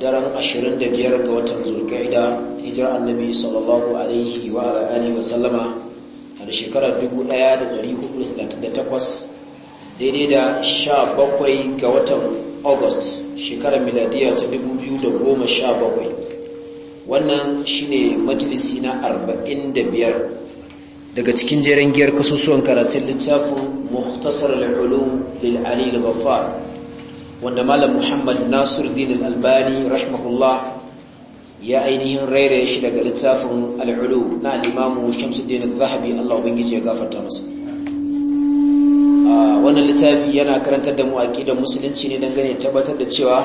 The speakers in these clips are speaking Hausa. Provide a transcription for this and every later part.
daren 25 ga watan zulkaida hijirar annabi sallallahu alaihi wa alihi wa sallama a da shekarar 1438 daidai da 17 ga watan august shekarar miladiyar ta 2017 wannan shine majalisi na 45 daga cikin jerin giyar kasusuwan karatun littafin muhtasar al'ulu lil'ali al-ghaffar wanda malam muhammad nasiruddin al-albani rahimahullah ya ainihin rairaye shi daga littafin al'ulu na al-imamu shamsuddin al-zahabi Allah ubangiji ya gafarta masa ah, wannan littafi yana karantar da mu da musulunci ne dangane tabbatar da cewa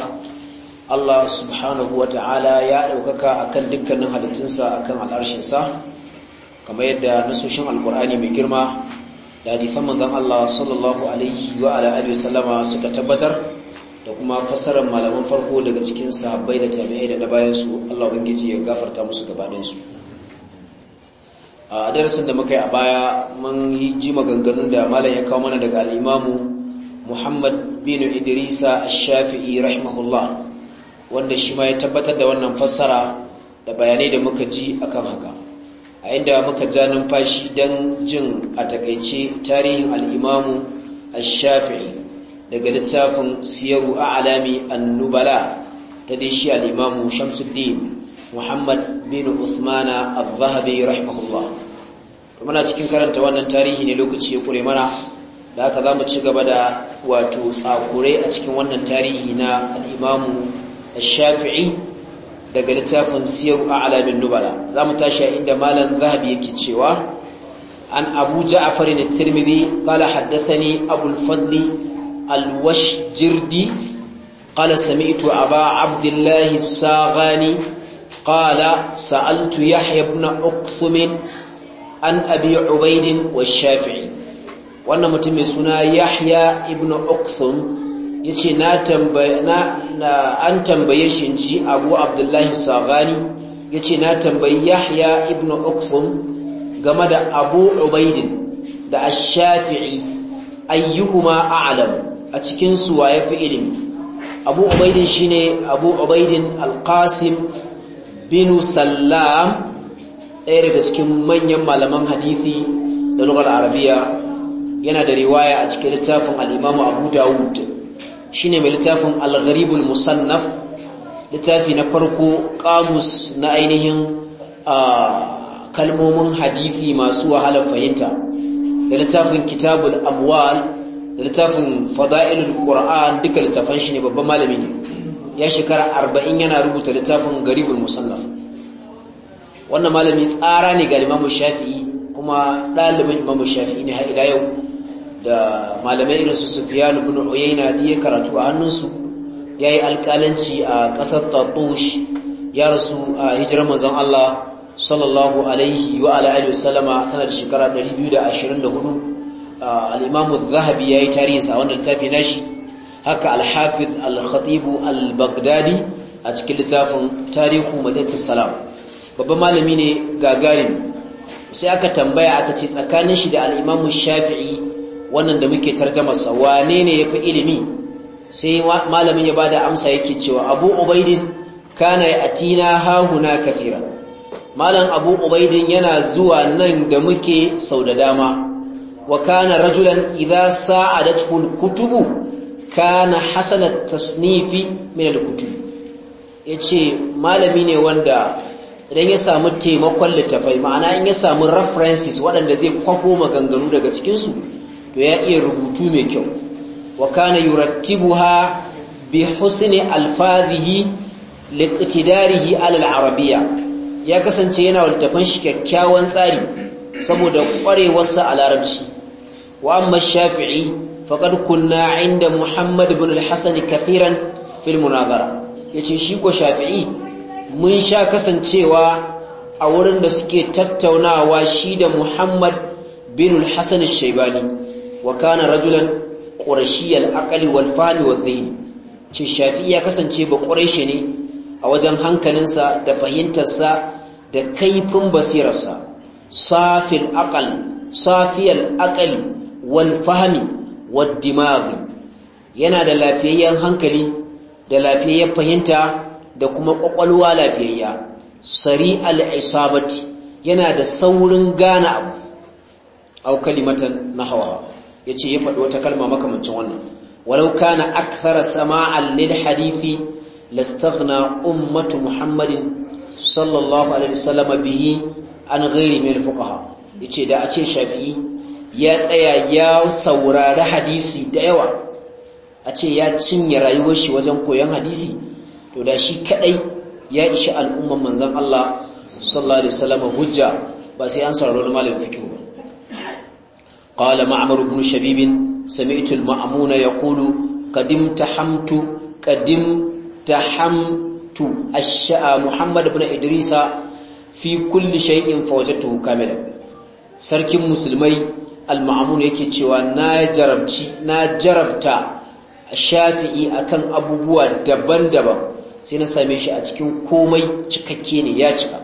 Allah subhanahu ta'ala ya ɗaukaka akan dukkanin halittunsa akan al'arshinsa kamar yadda nasoshin alkur'ani mai girma da hadisan manzon Allah sallallahu alaihi wa ala alihi suka tabbatar da kuma fasarar malaman farko daga cikin sahabbai da tabi'ai da na bayan su Allah ubangiji ya gafarta musu gabanin su a darasin da muka yi a baya mun yi ji maganganun da malam ya kawo mana daga al-Imam Muhammad bin Idrisa Ash-Shafi'i rahimahullah wanda shi ma ya tabbatar da wannan fassara da bayanai da muka ji akan haka a inda muka ja numfashi dan jin a takeice tarihin al-Imam Ash-Shafi'i daga littafin siyaru a alami annubala ta dai shi al'imamu shamsuddin muhammad bin usmana al-zahabi rahimahullah muna cikin karanta wannan tarihi ne lokaci ya kure mana da haka za mu ci gaba da wato tsakurai a cikin wannan tarihi na al'imamu shafi'i daga littafin siyaru a alamin nubala za mu tashi a inda malam zahabi yake cewa an abu ja'afar ne tirmidhi kala haddasa ne abulfadli alwash jirdi ƙala sami'tu a ba abdullahi sagani ƙala sa'altu ya haifna uktumin an abi ubaidin wa shafi'i wannan mutum suna yahya ibn uktum ya ce na an tambaye shi ji abu abdullahi sagani ya ce na tambayi yahya ibn uktum game da abu ubaidin da ashafi'i ayyuhuma a alamu a cikin su waye fi ilimi abu ubaidin shine abu ubaidin alqasim bin sallam ɗaya daga cikin manyan malaman hadisi da lugar arabiya yana da riwaya a cikin littafin al'imamu abu dawud shi ne mai littafin algaribul musannaf littafi na farko kamus na ainihin kalmomin hadithi masu wahala fahimta da littafin kitabul amwal littafin fada'ilul qur'an duka littafan shi ne babban malami ne ya shekara 40 yana rubuta littafin garibul musannaf wannan malami tsara ne ga Imam Shafi'i kuma ɗalibin Imam Shafi'i ne haila yau da malamai irin su Sufyan ibn Uyayna da ya karatu a hannunsu yayi alƙalanci a ƙasar Tatush ya rasu a hijirar manzon Allah sallallahu alaihi wa alihi wasallama tana da shekara 224 al-imamu zahabi ya yi tarihinsa a wannan littafi nashi haka al-hafiz al-khatibu al-baghdadi a cikin littafin tarihu madinatu salam babban malami ne gagarin sai aka tambaya aka ce tsakanin shi da al-imamu shafi'i wannan da muke tarjamarsa wane ne ya fi ilimi sai malamin ya bada amsa yake cewa abu ubaidin kana ya atina hahuna kafira malam abu ubaidin yana zuwa nan da muke sau da dama wa رجلا rajulan ساعدته الكتب كان kutubu kana من tasnifi min kutubu. ya yace malami ne wanda idan ya samu taimakon littafai ma'ana in ya samu references waɗanda zai kwafo maganganu daga cikinsu to ya iya rubutu mai kyau wa kana yurattibuha bi husni alfazihi liqtidarihi ala al ya kasance yana littafan shi kyakkyawan tsari saboda ƙwarewarsa a larabci wa amma shafi'i faƙar kunna inda muhammad bin al-hassan kafiran fil munazara ya shi ko shafi'i mun sha kasancewa a wurin da suke tattaunawa shi da muhammad bin al-hassan shaibani wa kana rajulan ƙurashiyar aƙali wal fahmi wa ce shafi'i ya kasance ba ƙurashe ne a wajen hankalinsa da fahimtarsa da kaifin basirarsa safil aqal safiyal aqali wal yana da lafiyayyen hankali da lafiyayyen fahimta da kuma kwakwalwa lafiyayya sari al isabati yana da saurin gane abu au kalimatan nahwa yace ya faɗi wata kalma makamancin wannan walau kana akthara sama'ar lil hadithi lastaghna ummatu muhammadin sallallahu alaihi wasallam bihi an ghairi min fuqaha yace da a ce shafi'i ya tsaya ya saurari hadisi da yawa a ce ya cinye rayuwar shi wajen koyon hadisi to da shi kadai ya ishi al'umman manzon Allah sallallahu alaihi wasallam hujja ba sai an saurari malamin fiqh ba qala ma'mar ibn shabib sami'tu al-ma'mun yaqulu qadim tahamtu qadim tahamtu ash-sha'a muhammad ibn idrisa fi kulli shay'in fawajatuhu kamilan sarkin musulmai al-ma'mun yake cewa na jarabci na jarabta shafi'i akan abubuwa daban-daban sai na same shi a cikin komai cikakke ne ya cika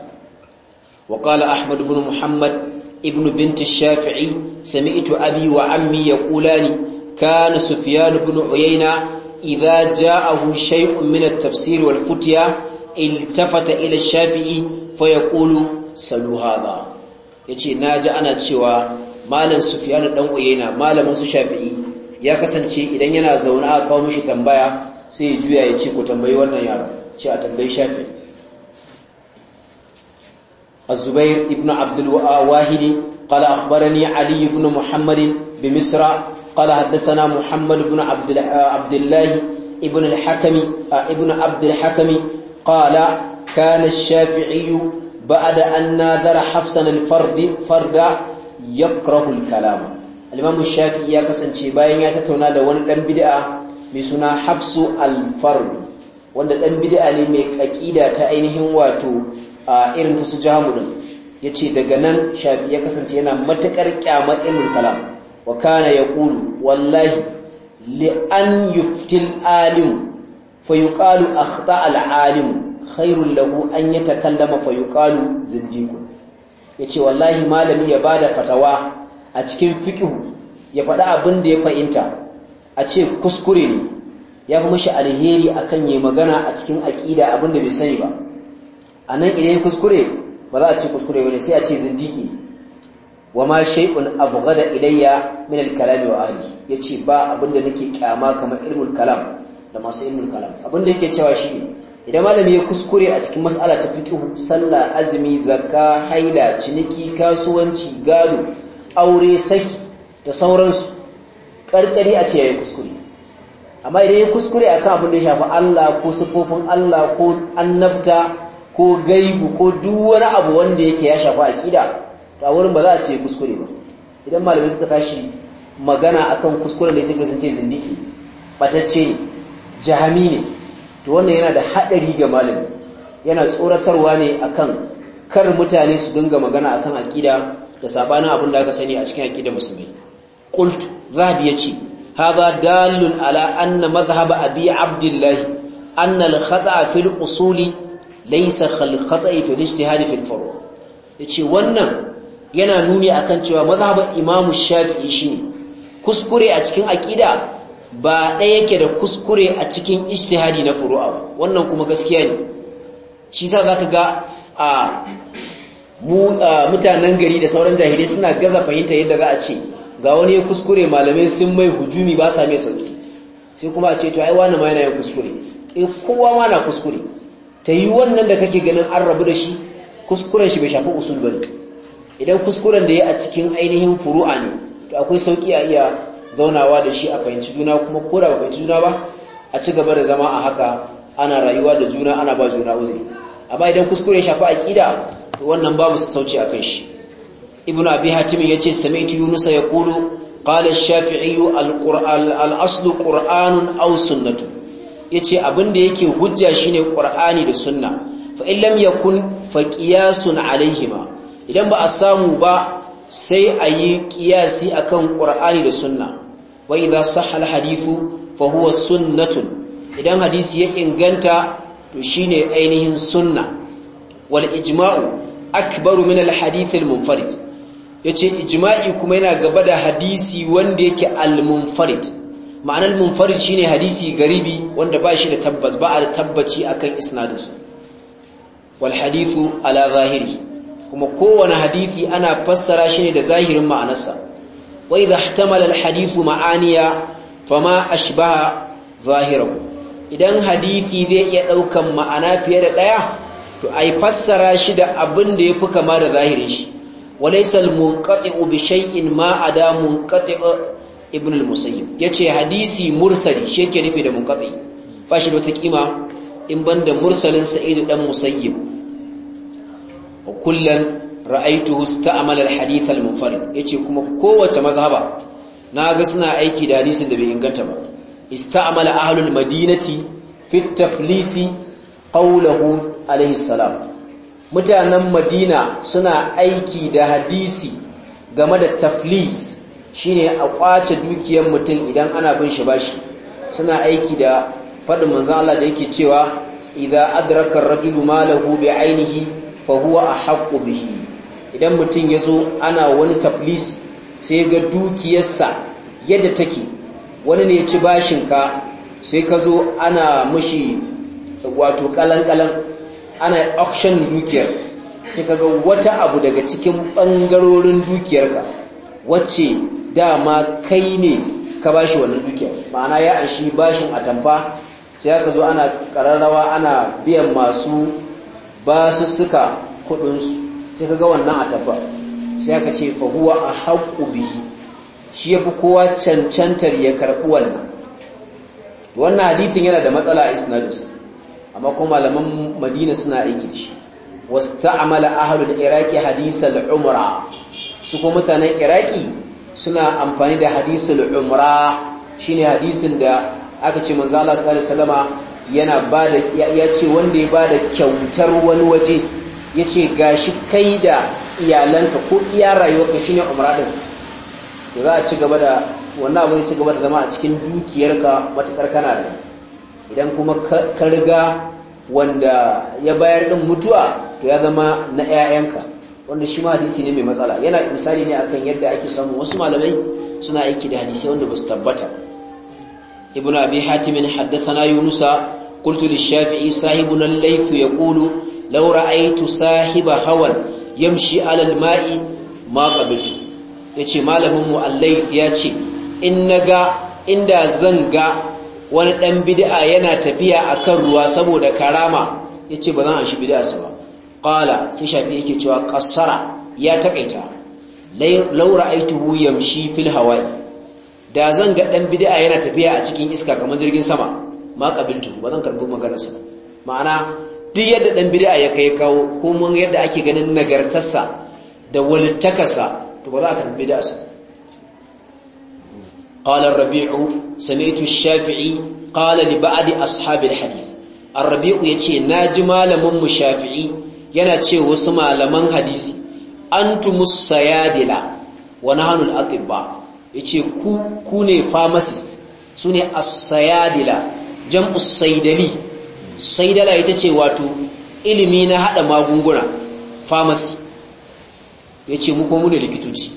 wa qala ahmad ibn muhammad ibn bint shafi'i sami'tu abi wa ammi yaqulani kana sufyan ibn uyayna idza ja'ahu shay'un min at-tafsir wal futya iltafata ila shafi'i fa yaqulu salu hadha yace naji ana cewa malam sufyan dan uyena malamin su shafi'i ya kasance idan yana zaune a kawo mishi tambaya sai ya juya ya ce ko tambayi wannan yaro ce a tambayi shafi الزبير ابن عبد الواحد قال أخبرني علي بن محمد بمصر قال حدثنا محمد بن عبد عبد الله ابن الحكم ابن عبد الحكم قال كان الشافعي بعد أن ناذر حفصا الفرد فرد kasance الكلام الإمام الشافعي da wani يتتونا دون الأنبداء بسنا حفص الفرد wanda ɗan bid'a ne mai aƙida ta ainihin wato a irin ta su jamu Ya ce daga nan shafi ya kasance yana matukar kyamar irin kalam Wakana ya yaqulu wallahi li an yuftil alim fa khairul lahu an yatakallama fa yuqalu zindiku yace wallahi malami ya bada fatawa a cikin fiqh ya faɗa abin da ya fahimta a ce kuskure ne ya fi mashi alheri akan yayi magana a cikin aqida abin da bai sani ba anan idan ya kuskure ba za a ce kuskure bane sai a ce zindiki wa ma shay'un abghada ilayya min al kalam wa ahli yace ba abin da nake kyama kamar ilmul kalam da masu ilmul kalam abin da yake cewa shine idan malami ya kuskure a cikin mas'ala ta fiqh sallah azumi zakka haila ciniki kasuwanci gado aure saki da sauransu ƙarƙari a ce kuskure amma idan ya kuskure akan abin da ya shafi Allah ko sifofin Allah ko annabta ko gaibu ko duk wani abu wanda yake ya shafi aƙida, to a wurin ba za a ce kuskure ba idan malamai suka tashi magana akan kuskuren da suka sun ce zindiki batacce ne jahami ne to wannan yana da haɗari ga malami yana tsoratarwa ne akan kar mutane su dinga magana akan aƙida da sabanin abin da aka sani a cikin aƙida musulmi qultu zahabi yace hadha dalun ala anna madhhab abi abdullahi anna al-khata' fi al-usuli laysa khal-khata' fi al-ijtihad fi al-furu' yace wannan yana nuni akan cewa mazhabar imamu shafi'i shine kuskure a cikin aƙida ba ɗaya yake da kuskure a cikin ijtihadi na furu'a wannan kuma gaskiya ne shi sa zaka ga a mutanen gari da sauran jahilai suna gaza fahimta yadda za a ce ga wani ya kuskure malamai sun mai hujumi ba sa mai sauki sai kuma a ce to ai wani ma yana yin kuskure eh kowa ma na kuskure ta yi wannan da kake ganin an rabu da shi kuskuren shi bai shafi usul ba idan kuskuren da ya a cikin ainihin furu'a ne to akwai sauki a iya zaunawa da shi a fahimci juna kuma ko da ba fahimci juna ba a ci gaba da zama a haka ana rayuwa da juna ana ba juna uzi amma idan kuskure shafi aqida to wannan babu su sauci kan shi ibn abi hatim yace sami'tu yunus yaqulu qala ash-shafi'i al-asl qur'anun aw sunnatu yace abinda yake hujja shine Kur'ani da sunna fa in yakun fa qiyasun alaihima idan ba a samu ba sai a yi a akan ƙur'ani da sunna wa idza sahha al hadithu sunnatun idan hadisi ya inganta to shine ainihin sunna wal ijma'u akbaru min al hadith yace ijma'i kuma yana gaba da hadisi wanda yake al munfarid ma'anar munfarid shine hadisi garibi wanda ba shi da tabbas ba a da tabbaci akan isnadus wal ala zahiri kuma kowane hadisi ana fassara shi ne da zahirin ma'anarsa wai idha ihtamala alhadithu ma'aniya fama ashbaha zahirau idan hadisi zai iya daukan ma'ana fiye da daya to yi fassara shi da abin da ya fi kama da zahirin shi walaysa almunqati'u bi shay'in ma ada munqati'u ibn al-musayyib yace hadisi mursali shi yake nufi da munqati ba shi da wata kima in banda mursalin Sa'idu dan musayyib kullan ra'aitu sta'amala al-hadith al yace kuma kowace mazhaba ga suna aiki da hadisin da bai inganta ba ista'mala ahlul madinati fi taflisi qawluhu alayhi salam mutanen madina suna aiki da hadisi game da taflis shine a kwace dukiyar mutum idan ana bin shi bashi suna aiki da faɗin manzon Allah da yake cewa idza adraka ar-rajulu malahu bi ainihi fa a haƙo bihi idan mutum ya zo ana wani taflis sai ga dukiyarsa yadda take wani ne ya ci bashinka sai ka zo ana mashi wato ƙalan ƙalan ana auction dukiyar sai ka ga wata abu daga cikin ɓangarorin dukiyarka wacce dama kai ne ka bashi wani dukiyar ma'ana ya anshi bashin atamfa sai ka zo ana ƙararrawa ana biyan masu ba su suka kudinsu sai ka ga wannan a tabba sai aka ce fahuwa a haƙƙu bihi shi ya fi kowa cancantar ya karɓi wannan wannan hadithin yana da matsala a isnadus amma kuma malaman madina suna aiki da shi wasu ta'amala da iraki hadisal umra su kuma mutanen iraki suna amfani da hadisul umra shine hadisin da aka ce manzala sallallahu alaihi yana bada ya ce wanda ya ba da kyautar wani waje ya ce gashi kai da iyalanka ko iya rayuwarka shi ne umaradin da za a ci gaba da wannan abu ci gaba da zama a cikin dukiyarka matakar kana da idan kuma ka riga wanda ya bayar din mutuwa to ya zama na 'ya'yanka wanda shi ma hadisi ne mai matsala yana misali ne akan yadda ake samu wasu malamai suna aiki da hadisi wanda ba su tabbata ابن أبي حاتم حدثنا يونس قلت للشافعي صاحبنا الليث يقول لو رأيت صاحب هوى يمشي على الماء ما قبلته yace malamin mu allai ya ce in naga inda zan ga wani ɗan bid'a yana tafiya akan ruwa saboda karama yace ba zan an shi bid'a sa ba cewa qassara ya takaita law yamshi fil da zan ga dan bid'a yana tafiya a cikin iska kamar jirgin sama ma kabiltu ba zan karbi sa ma'ana duk yadda dan bid'a ya kai kawo ko mun yadda ake ganin nagartarsa da walitakasa to ba za ka karbi bid'arsa قال الربيع سمعت الشافعي قال لبعض rabiu الحديث الربيع يتي malamin mu shafi'i yana ce wasu malaman hadisi antumus sayadila wa nahnu al-atibba yace ku ku ne pharmacist sune as-sayadila jam'u saidali saidala ita ce wato ilimi na hada magunguna pharmacy yace mu ko mu ne likitoci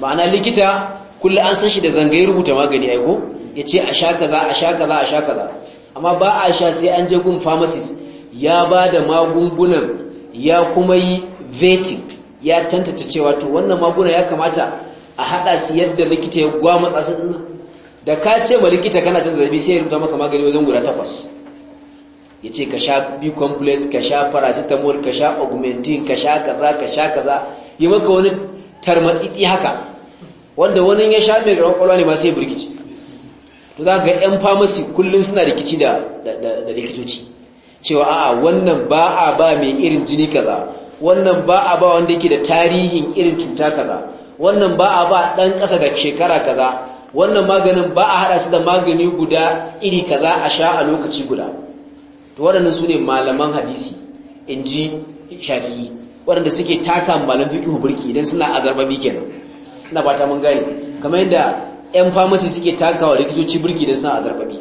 ma'ana likita kullu an san shi da ya rubuta magani aiko yace a sha kaza a sha kaza a sha kaza amma ba a sha sai an je gun pharmacist ya ba da magungunan ya kuma yi vetting ya tantance cewa to wannan maguna ya kamata a hada su yadda likita ya gwamutsa su din da ka ce ma likita kana cin zabi sai ya rubuta maka magani wajen guda takwas ya ce ka sha b-complex ka sha paracetamol ka sha augmentin ka sha kaza ka sha kaza yi maka wani tarmatsitsi haka wanda wani ya sha mai gaban kwalwa ne ma sai birkici to za ga 'yan famasi kullum suna rikici da likitoci cewa a'a wannan ba a ba mai irin jini kaza wannan ba a ba wanda yake da tarihin irin cuta kaza wannan ba a ba ɗan ƙasa da shekara kaza wannan maganin ba a haɗa su da magani guda iri kaza a sha a lokaci guda to waɗannan su ne malaman hadisi in ji shafi'i waɗanda suke taka malam fiƙihu burki idan suna azarbabi kenan ina fata mun gane kamar yadda 'yan famasi suke taka wa likitoci burki idan suna azarbabi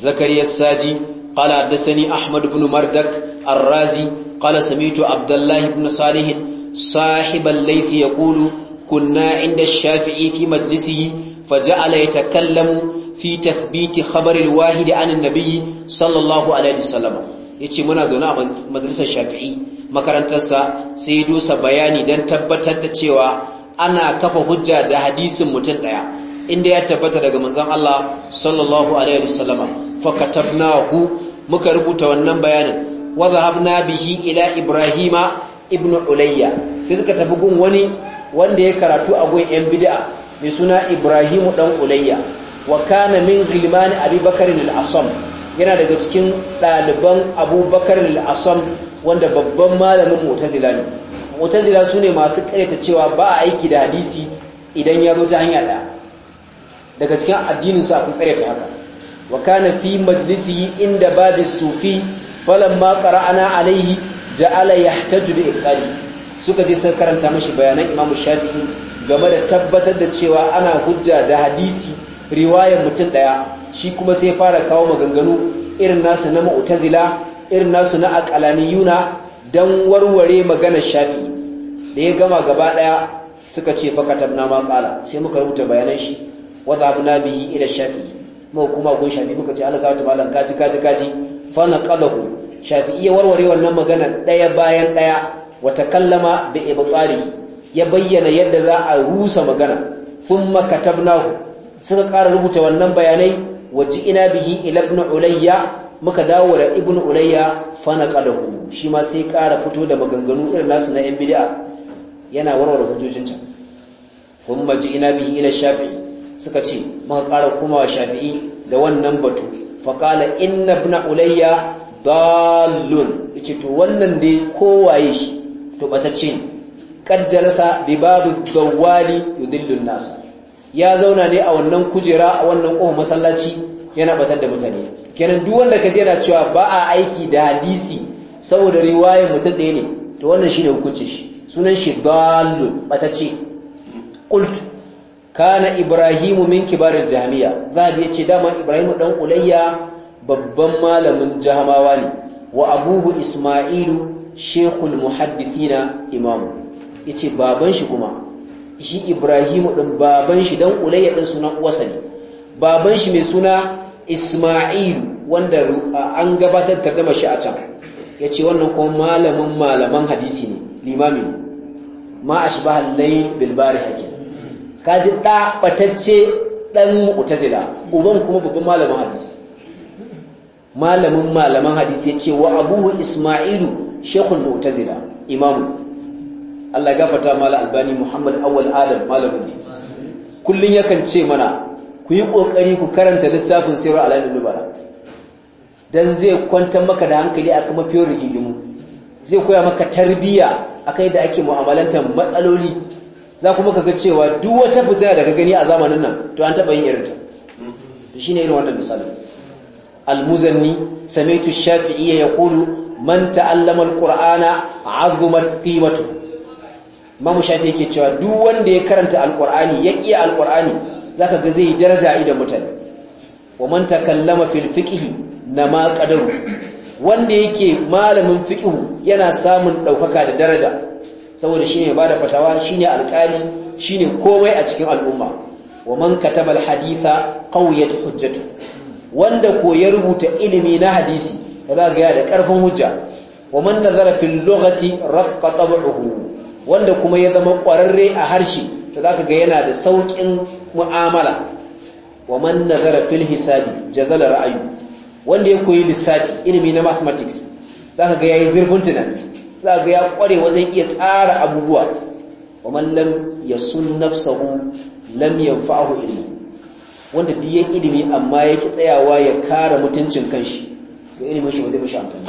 zakariya saji qala sani ahmad ibn mardak ar-razi qala sami'tu Abdullahi ibn Salihin. صاحب الليث يقول كنا عند الشافعي في مجلسه فجعل يتكلم في تثبيت خبر الواحد عن النبي صلى الله عليه وسلم yace muna zaune a majalisar Shafi'i makarantarsa sai dosa bayani dan tabbatar da cewa ana kafa hujja da hadisin mutum daya inda ya tabbata daga manzon Allah sallallahu alaihi wasallama fa katabnahu muka rubuta wannan bayanin wa zahabna bihi ila Ibrahima ibn ulayya sai suka tafi gun wani wanda ya karatu a gun yan bid'a mai suna ibrahimu dan ulayya wa kana min ghilman abubakar al-asam yana daga cikin ɗaliban abubakar al-asam wanda babban malamin mu'tazila ne mu'tazila sune masu ƙareta cewa ba a aiki da hadisi idan ya zo ta hanya ɗaya daga cikin addinin su akwai ƙareta haka wa kana fi majlisihi inda babu sufi falamma qara'ana alaihi ja'ala yahtaju bi iqali suka je sai karanta mashi bayanan Imam Shafi'i game da tabbatar da cewa ana hujja da hadisi riwayar mutum daya shi kuma sai fara kawo maganganu irin nasu na mu'tazila irin nasu na yuna dan warware maganar Shafi'i da ya gama gaba daya suka ce fakatabna ma qala sai muka rubuta bayanan shi wadhabna bihi ila Shafi'i mu kuma gon Shafi'i muka ce alaka ta kaji kaji kaji fa naqadahu shafi'i ya warware wannan magana ɗaya bayan daya wa takallama bi ibtali ya bayyana yadda za a rusa magana thumma katabnahu suka ƙara rubuta wannan bayanai ina bihi ila ibn ulayya muka dawo da ibn ulayya fana naqalahu shi ma sai ƙara fito da maganganu irin nasu na yan bidi'a yana warware hujojinta thumma ina bihi ila shafi'i suka ce muka ƙara wa shafi'i da wannan batu faƙala inna ibn ulayya dalun yace to wannan dai kowaye shi to batacce ne kad jalasa babu dawali yudillun nas ya zauna ne a wannan kujera a wannan kofar masallaci yana batar da mutane kenan duk wanda kaje yana cewa ba a aiki da hadisi saboda riwayar mutum ɗaya ne to wannan shine hukuncin shi sunan shi dalun batacce qultu kana ibrahimu min kibaril jami'a zabi yace dama ibrahimu dan ulayya babban malamin jahamawa ne wa abubu isma'ilu shekul muhaddithina imamu yace baban shi kuma shi ibrahimu din baban shi dan ulayya din sunan uwarsa ne baban shi mai suna isma'ilu wanda an gabatar da gama shi a can yace wannan kuma malamin malaman hadisi ne limami ne ma ashbaha al-layl bil barihaki kaji ɗaɓatacce ɗan dan uban kuma babban malamin hadisi malamin malaman hadisi ya ce wa abuhu isma'ilu shekul mu'tazila imamu Allah ya gafarta mala albani muhammad awal adam malamin ne kullum yakan ce mana ku yi kokari ku karanta littafin sirru alamin nubara Don zai kwantar maka da hankali kuma mafiyar rigigimu zai koya maka tarbiyya akai da ake mu'amalantar matsaloli za kuma kaga cewa duk wata fitina da ka gani a zamanin nan to an taba yin irinta ne irin wannan misalin المزني سمعت الشافعي يقول من تعلم القرآن عظمت قيمته ما yake cewa duk wanda ya karanta alqur'ani ya iya alqur'ani zaka ga zai yi daraja idan mutane wa man takallama fil fiqh nama qadaru wanda yake malamin fiqh yana samun ɗaukaka da daraja saboda shine bada fatawa shine alqali shine komai a cikin al'umma wa man kataba al haditha qawiyat hujjatuhu wanda ko ya rubuta ilimi na hadisi da za ga ya da karfin hujja wa man nazara fil lughati raqqa tab'uhu wanda kuma ya zama ƙwararre a harshe to zaka ga yana da saukin mu'amala wa man nazara fil hisabi jazala ra'ayu wanda ya koyi lissafi ilimi na mathematics zaka ga yayi zurfin tunani zaka ga ya ƙware wajen iya tsara abubuwa wa man lam yasun nafsahu lam yanfa'ahu ilmu wanda duk ya ilimi amma yake tsayawa ya kare mutuncin kanshi ga ilimin shi ba zai amfani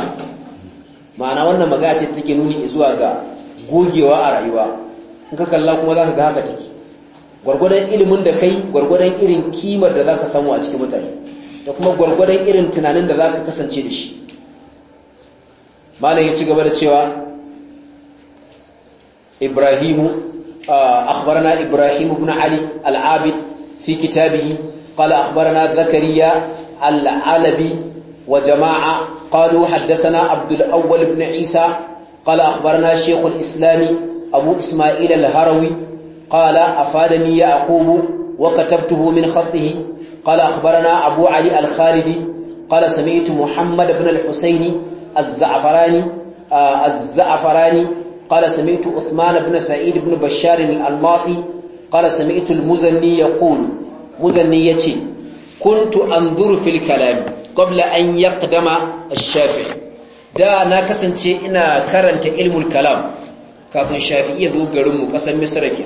ma'ana wannan magana ce take nuni zuwa ga gogewa a rayuwa in ka kalla kuma za ka ga haka take gwargwadon ilimin da kai gwargwadon irin kimar da za ka samu a cikin mutane da kuma gwargwadon irin tunanin da za ka kasance da shi malam ya ci gaba da cewa ibrahimu ah, akhbarana ibrahim ibn ali al-abid في كتابه قال أخبرنا زكريا العلبي وجماعة قالوا حدثنا عبد الأول بن عيسى قال أخبرنا شيخ الإسلام أبو إسماعيل الهروي قال أفادني يعقوب وكتبته من خطه قال أخبرنا أبو علي الخالدي قال سمعت محمد بن الحسين الزعفراني آه الزعفراني قال سمعت عثمان بن سعيد بن بشار الألماطي qala sami'tu al-muzanni yaqulu muzanni yace kuntu anzuru fil kalam qabla an yaqdama ash-shafi'i da na kasance ina karanta ilmul kalam kafin shafi'i ya zo garin mu kasar misr ke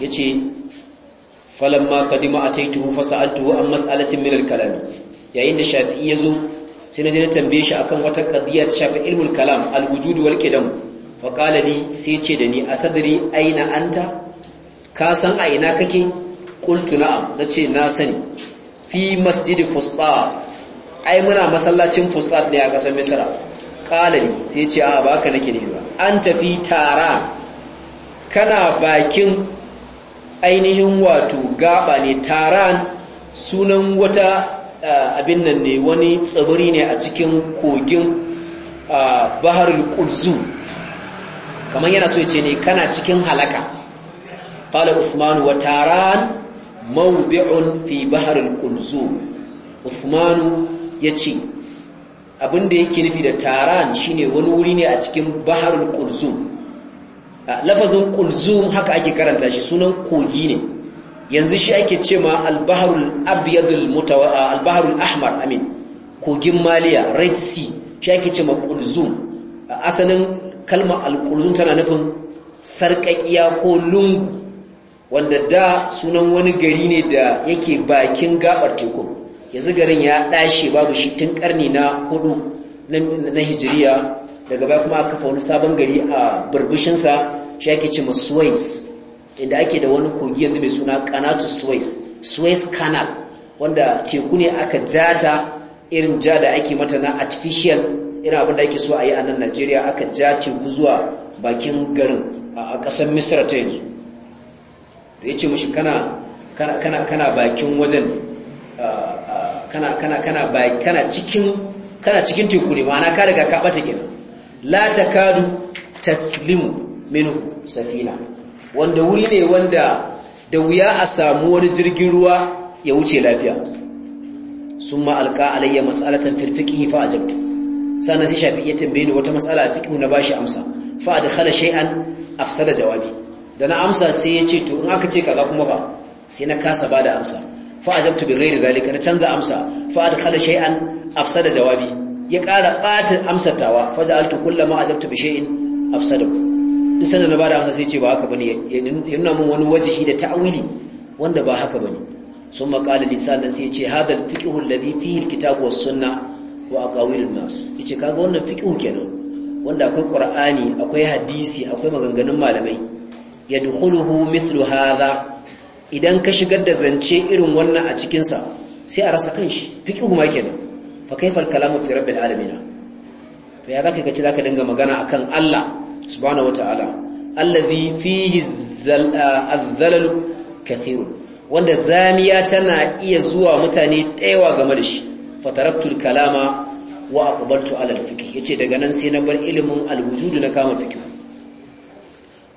yace falamma qadima ataituhu fasaltuhu an mas'alatin min al-kalam yayin da shafi'i ya zo sai na je na tambaye shi akan wata qadiyya ta shafi ilmul kalam al-wujud wal qidam fa qala li sai ce da ni atadri aina anta ka san a ina kake qultu na'am ce na sani fi masjidi fustat ai muna masallacin fustat ne a kasar misra qala sai ce a ba ka nake ne ba an tafi tara kana bakin ainihin wato gaba ne taran sunan wata eh, abin nan ne wani tsibiri ne a cikin kogin eh, bahar kulzu kamar yana so ce ne kana cikin halaka قال عثمان wa Taran في fi bahr عثمان يتي abin da abinda yake nufi da Taran shine wani wuri ne a cikin bahr kulzum. A lafazin kulzum haka ake karanta shi sunan kogi ne yanzu shi ake ce ma al-bahr mutawa, abyad al ahmar amin kogin Maliya Red Sea shi ake ce ma A asalin kalmar al tana nufin sarƙaƙiya ko lungu wanda da sunan wani gari ne da yake bakin gabar tekun yanzu garin ya ɗashe babu shi tun karni na hudu na hijiriya daga baya kuma aka wani sabon gari a burbushinsa shi ake ce ma suwais inda ake da wani kogi yanzu mai suna kanatu suwais suwais canal wanda teku ne aka jata irin ja da ake mata na artificial irin abin da ake so a yi a nan najeriya aka ja teku zuwa bakin garin a ƙasar Misira ta yanzu da ya ce mashi kana bakin wajen kana cikin teku ne ma'ana ka daga kaɓata gina la ta kadu taslimu minu safina wanda wuri ne wanda da wuya a samu wani jirgin ruwa ya wuce lafiya sun ma'alƙa alayya mas'alatan firfiƙi fa a jabtu sannan sai shafi iya tambayi wata matsala a fiƙi na shi amsa fa a da khala shay'an afsada jawabi da na amsa sai ya ce to in aka ce kaza kuma ba sai na kasa bada amsa fa ajabtu bi ghairi zalika na canza amsa fa adkhala shay'an afsada jawabi ya ƙara ɓata amsatawa fa ja'altu kullama ajabtu bi shay'in afsadahu duk sanda na bada amsa sai ce ba haka bane ya nuna mun wani wajihi da ta'awili wanda ba haka bane sun makala lisanin sai ce hadal fiqhu alladhi fihi alkitabu was sunna wa aqawilun nas yace kaga wannan fiqhu kenan wanda akwai qur'ani akwai hadisi akwai maganganun malamai yadkhuluhu mithlu hadha idan ka shigar da zance irin wannan a cikinsa sai a rasa kanshi fiqhu ma nan, fa kayfa kalamu fi rabbil alamin to ya zaka kace zaka dinga magana akan Allah subhanahu wata'ala allazi fihi az-zalalu kathirun wanda zamiya tana iya zuwa mutane tsayawa game da shi fataraktul kalama wa aqbaltu ala al-fiqh yace daga nan sai na bar ilimin al-wujud na kama fiqh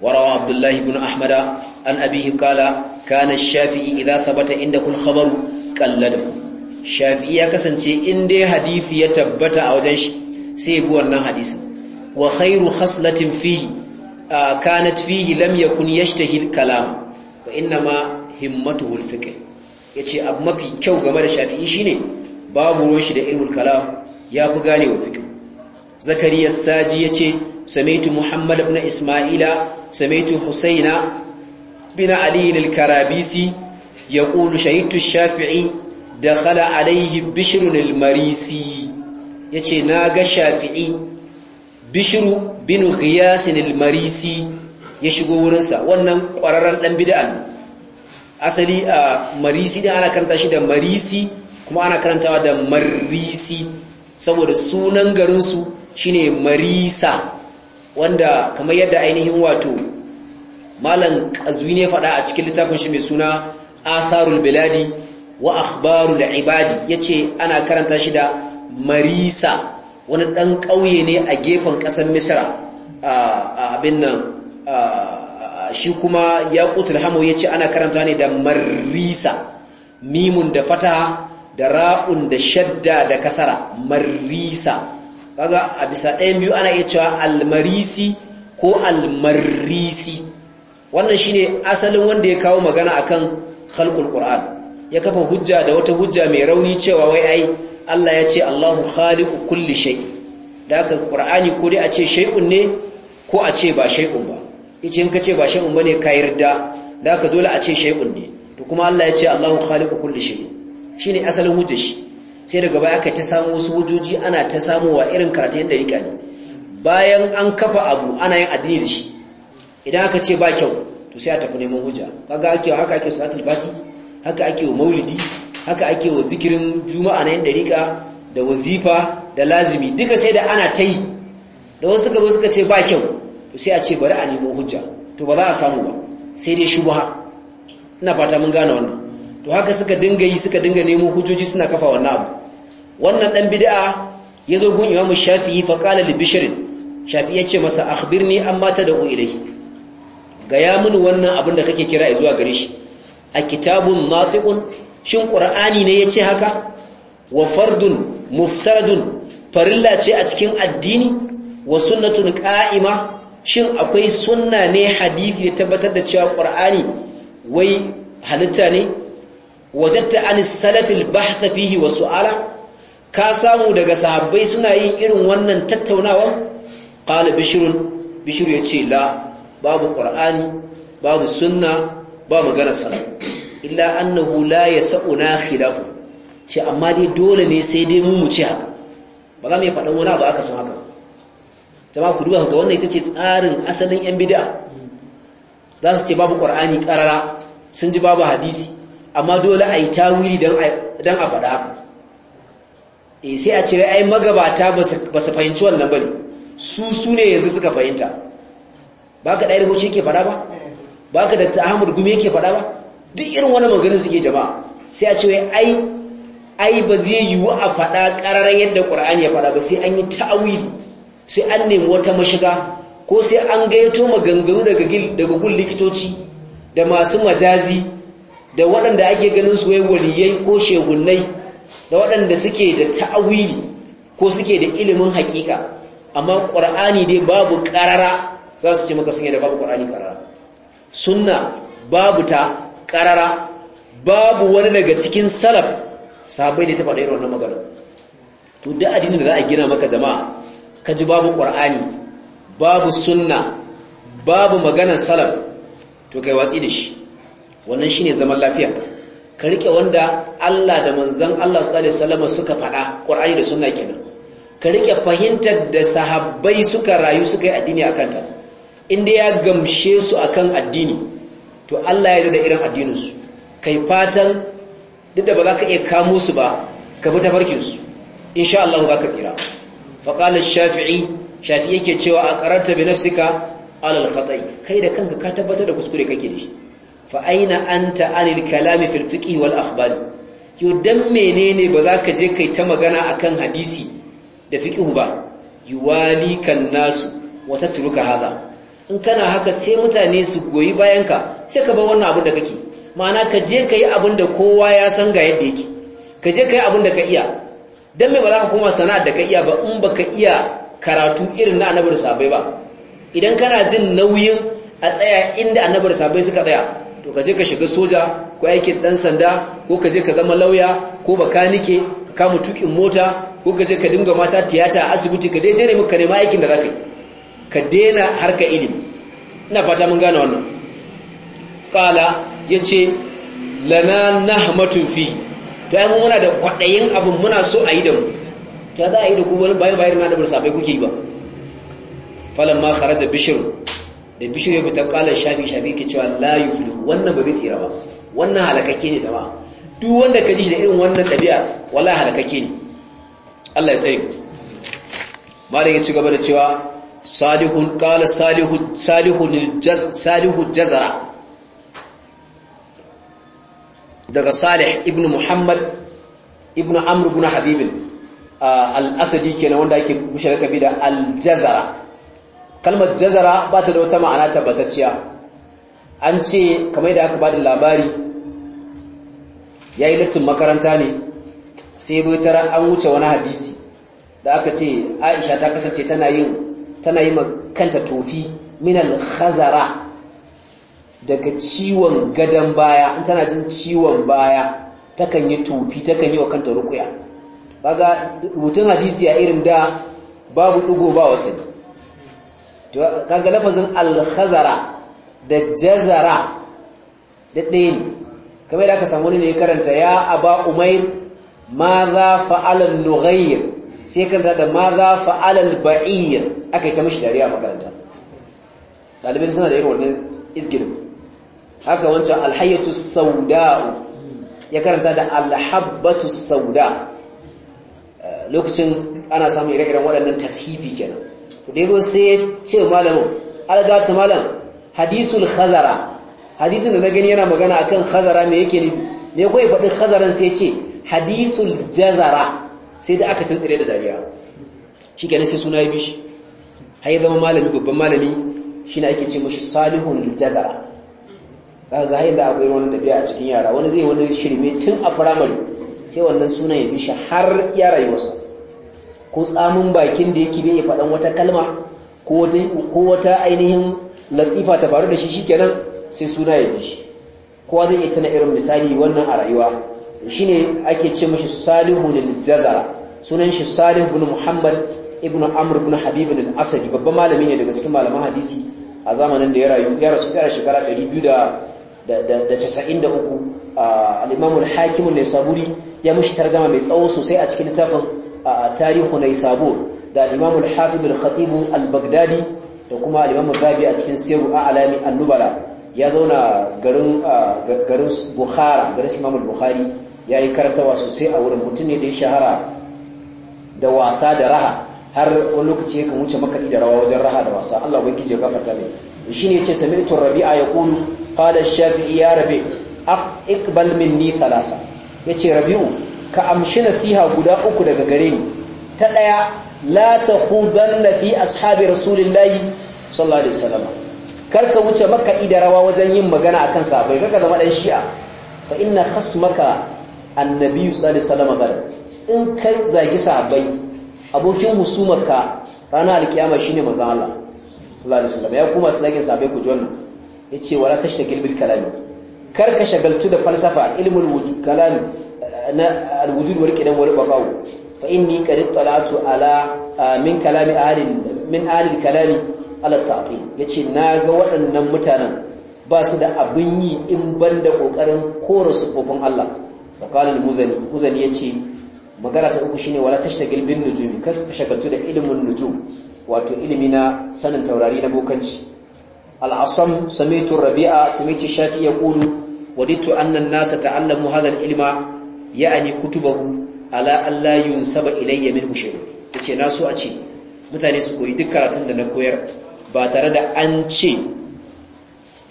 وروى عبد الله بن أحمد عن أبيه قال كان الشافعي إذا ثبت عندك الخبر قلده شافعي كسنتي إن دي حديث يتبت أو جنش سيبوا أنه حديث وخير خصلة فيه آه كانت فيه لم يكن يشتهي الكلام وإنما همته الفكر yace abu mafi kyau game da shafi'i shine babu ruwan shi da ilmul kalam ya fi ganewa fiqh zakariya saji yace سميت محمد بن إسماعيل سميت حسين بن علي الكرابيسي يقول شهيد الشافعي دخل عليه بشر المريسي يتي ناغا شافعي بشر بن غياس المريسي يشغو ورنسا wannan ƙwararren dan bid'an asali a marisi da ana karanta shi da marisi kuma ana karantawa da marisi saboda sunan garin su shine marisa wanda kamar yadda ainihin wato malam kazwini ya faɗa a cikin littafin shi mai suna atharul biladi wa akhbarul ibadi yace ana karanta shi da marisa wani ɗan ƙauye ne a gefen ƙasar misra a abin nan shi kuma ya hamu yace ya ce ana karanta ne da marisa mimun da fataha da ra'un da shadda da kasara marisa kaga a bisa ɗayan biyu ana iya cewa almarisi ko almarisi wannan shine asalin wanda ya kawo magana akan khalqul qur'an ya kafa hujja da wata hujja mai rauni cewa wai ai Allah ya ce Allahu khaliqu kulli shay da haka qur'ani ko dai a ce shay'un ne ko a ce ba shay'un ba yace in ka ce ba shay'un bane ka yarda da haka dole a ce shay'un ne to kuma Allah ya ce Allahu khaliqu kulli shay shine asalin hujja shi sai daga baya aka ta samu wasu wujoji ana ta samu wa irin karatu yadda dariƙa ne bayan an kafa abu ana yin addini da shi idan aka ce ba kyau to sai a tafi neman hujja kaga ake haka ake salatul fati haka ake maulidi haka ake wa zikirin juma'a na yin dariƙa da wazifa da lazimi duka sai da ana ta yi da wasu ka zo suka ce ba kyau to sai a ce bari a neman hujja to ba za a samu ba sai dai shubha ina fata mun gane wannan to haka suka dinga yi suka dinga nemo hujjoji suna kafa wannan abu wannan dan bid'a yazo gun imamu Shafi'i fa qala li Bishr Shafi'i yace masa akhbirni amma tad'u ilayhi ga ya mun wannan abin da kake kira zuwa gare shi a kitabun natiqun shin qur'ani ne yace haka wa fardun muftaradun farilla ce a cikin addini wa sunnatun qa'ima shin akwai sunna ne hadisi ya tabbatar da cewa qur'ani wai halitta ne wajadta an salafil bahtha fihi wa su'ala ka samu daga sahabbai suna yin irin wannan tattaunawa qala bishrun bishru yace la babu qur'ani babu sunna ba magana sana illa annahu la yasuna khilafu ce amma dai dole ne sai dai mu mu ci haka ba za mu faɗa wani ba aka san haka jama'a ku duba ga wannan ita ce tsarin asalin yan bid'a za su ce babu qur'ani qarara sun ji babu hadisi amma dole a yi tawili don a faɗa haka e sai a ce ai magabata ba su fahimci wannan bane su su ne yanzu suka fahimta ba ka ɗaya rubuce ke faɗa ba ba ka dakta ahmad gumi ke faɗa ba duk irin wani maganin suke jama'a sai a ce ai ai ba zai yiwu a faɗa ƙarar yadda ƙur'ani ya faɗa ba sai an yi ta'awili sai an nemi wata mashiga ko sai an gayyato maganganu daga gul likitoci da masu majazi da waɗanda ake ganin su wai waliyai ko shegunnai da waɗanda suke da ta'awili ko suke da ilimin haƙiƙa, amma ƙur'ani dai babu ƙarara za su ce maka sun da babu ƙur'ani ƙarara sunna babu ta ƙarara babu wani daga cikin salaf sabai da ta faɗa irin magana to duk addinin da za a gina maka jama'a ka ji babu ƙur'ani babu sunna babu maganar salaf to kai watsi da shi wannan shine zaman lafiya ka rike wanda Allah da manzon Allah sallallahu alaihi wasallam suka faɗa Qur'ani da sunna kenan ka rike fahimtar da sahabbai suka rayu suka yi addini akan ta inda ya gamshe su akan addini to Allah ya da irin addinin su kai fatan duk da ba za ka iya kamo su ba ka bi tafarkin su insha Allah ka tsira faqala shafi'i shafi'i yake cewa aqarrarta bi nafsika ala al-khata'i kai da kanka ka tabbatar da kuskure kake da shi fa aina anta anil kalami fil fiqh wal akhbar dan menene ba za ka je kai ta magana akan hadisi da fiqh ba wali kan nasu wa tatruka hada in kana haka sai mutane su goyi bayanka sai ka bar wannan abin da kake ma'ana ka je kai abin da kowa ya san ga yadda yake ka je kai abin da ka iya dan me ba za ka koma sana'ar da ka iya ba in baka iya karatu irin na annabar sabai ba idan kana jin nauyin a tsaya inda annabar sabai suka tsaya to ka ka shiga soja ko aikin dan sanda ko ka je ka zama lauya ko bakanike ka kama tukin mota ko ka ka dinga mata tiyata a asibiti ka daije ne muka nema aikin da zaka yi ka daina harka ilimi ina fata mun gane wannan qala yace lana nahmatu fi to ai muna da kwadayin abin muna so a yi da mu to za a yi da ku bayan bayan na da bursa bai kuke ba falamma kharaja bishr da bishir ya fita kala shafi shafi ke cewa la yuflihu wannan ba zai tsira ba wannan halakakke ne jama'a duk wanda ka ji shi da irin wannan ɗabi'a wallahi halakakke ne Allah ya tsare malam ya ci gaba da cewa salihun qala salihu salihun salihu jazara daga salih ibnu muhammad ibnu amr ibn habib uh, al-asadi kenan wanda yake musharaka bi da al-jazara kalmar jazara ba ta da wata ma'ana tabbatacciya an ce kamar da aka ba da labari ya yi littin makaranta ne sai bai tara an wuce wani hadisi da aka ce aisha ta kasance tana yi tana yi kanta tofi minal khazara daga ciwon gadon baya in tana jin ciwon baya takan yi tofi takan yi wa kanta rukuya Ba ga rubutun hadisi a irin da babu dugo ba wasu ka kaga lafazin alhazara da jazara da ɗaya ne kamar da aka samu ne karanta ya aba umair ma za fa'alan nughayyir sai karanta da ma za fa'alan ba'iyyir aka yi ta mashi dariya makaranta ɗalibin suna da irin wannan izgirin haka wancan alhayyatu sauda'u ya karanta da alhabbatu sauda lokacin ana samun ire-iren waɗannan tashifi kenan da sai ya ce malamin algata malam hadisul khazara hadisin da na gani yana magana akan khazara me yake ne me ko ya khazaran sai ce hadisul jazara sai da aka tantsire da dariya shikenan sai suna ya bi shi hayi zama malami babban malami shine ake ce mushi salihun jazara kaga hayi da akwai wani biya a cikin yara wani zai wani shirme tun a firamare sai wannan sunan ya bi shi har ya rayuwarsa ko tsamin bakin da yake bai faɗan wata kalma ko wata ainihin latifa ta faru da shi shikenan sai suna ya bi shi kowa zai iya tana irin misali wannan a rayuwa ne ake ce mashi salihu ne jazara sunan shi salihu ibn muhammad ibn amur ibn habib al-asadi babban malami ne daga cikin malaman hadisi a zamanin da ya rayu ya rasu kara shekara 293 al-imam al ne saburi ya mushi tarjama mai tsawo sosai a cikin littafin tarihu na isabur da al'imamu al-hafiz al-khatib al bagdadi da kuma al'imamu babi a cikin siru a alami annubala ya zauna garin garin bukhara garin imamu bukhari ya yi karantawa sosai a wurin mutum ne da ya shahara da wasa da raha har wani lokaci yakan wuce makaɗi da rawa wajen raha da wasa Allah ubangiji ya gafarta mai shi ne ya ce sami'tu rabi'a ya kulu qala shafii ya rabi' iqbal minni thalasa ce rabi'u ka amshi nasiha guda uku daga gare ni ta ɗaya la takhudanna fi ashabi rasulillahi sallallahu alaihi wasallam karka wuce maka idarawa wajen yin magana akan sahabbai kaka zama dan shi'a fa inna khasmaka annabi sallallahu alaihi wasallam bar in kai zagi sahabbai abokin husumarka ranar alkiyama shine manzon Allah sallallahu alaihi wasallam ya kuma sallakin sahabbai ku ji wannan yace wala tashtagil bil kalam karka shagaltu da falsafa ilmul wujud kalam na alwujud wal qidam wal fa inni qad talatu ala ah, min kalami ahli min ahli kalami ala ta'til yace naga waɗannan mutanen ba su da abin yi in banda kokarin kore sufofin Allah da kalal muzani muzani yace magana ta uku shine wala tashtagil bin nujumi kar ka shagaltu da ilimin nujum wato ilimi na sanin taurari na bokanci al-asam samitu rabi'a samitu shafi yaqulu وددت Nasa, الناس تعلموا هذا Ilma. ya'ani kutubahu ala alla yunsaba ilayya minhu shay'un yace na so a ce mutane su koyi duk karatun da na koyar ba tare da an ce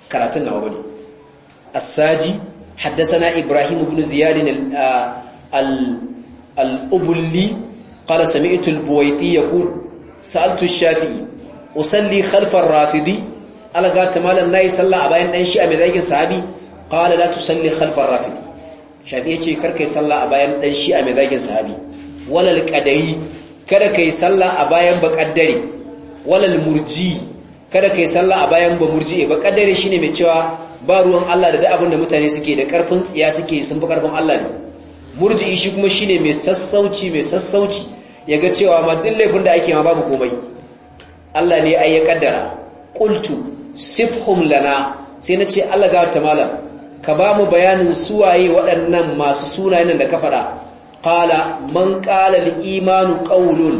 karatun nawa bane as-saji haddathana ibrahim ibn ziyad al uh, al-ubli qala sami'tu al-buwayti yaqul sa'altu ash-shafi'i usalli khalfa ar-rafidi alaga tamalan nayi sallah a bayan dan shi'a mai zakin sahabi qala la tusalli khalfa ar-rafidi shafi ya ce karkai sallah a bayan ɗan a mai zagin sahabi walal ƙadari kada kai sallah a bayan ba walal murji kada kai sallah a bayan ba murji ba ƙaddare shine mai cewa ba ruwan Allah da da abin da mutane suke da ƙarfin tsiya suke sun fi ƙarfin Allah ne murji shi kuma shine mai sassauci mai sassauci ya ga cewa ma duk laifin da ake ma babu komai Allah ne ai ya kaddara qultu sifhum lana sai ce Allah ga ta malam ka ba mu bayanin suwaye waɗannan masu sunayen da ka faɗa Ƙala man ƙala imanu qawlun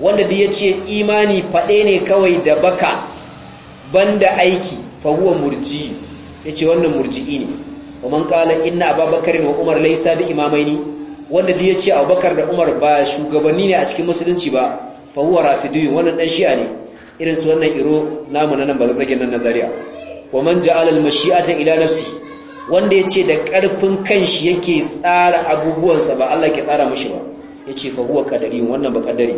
wanda da ce imani faɗe ne kawai da baka banda aiki fahuwa Murji ya ce wannan murji'i ne wa man qala inna ababakar wa umar da imamai imamaini wanda da ce abubakar da umar ba shugabanni ne a cikin musulunci ba fahuwa huwa rafidiyun wannan dan shi'a ne irin wannan iro namu nan ba zagen nan nazariya wa man ja'alal mashi'ata ila nafsi wanda ya ce da ƙarfin kanshi yake tsara abubuwansa ba Allah ke tsara mashi ba ya ce fa ƙadari wannan ba kadari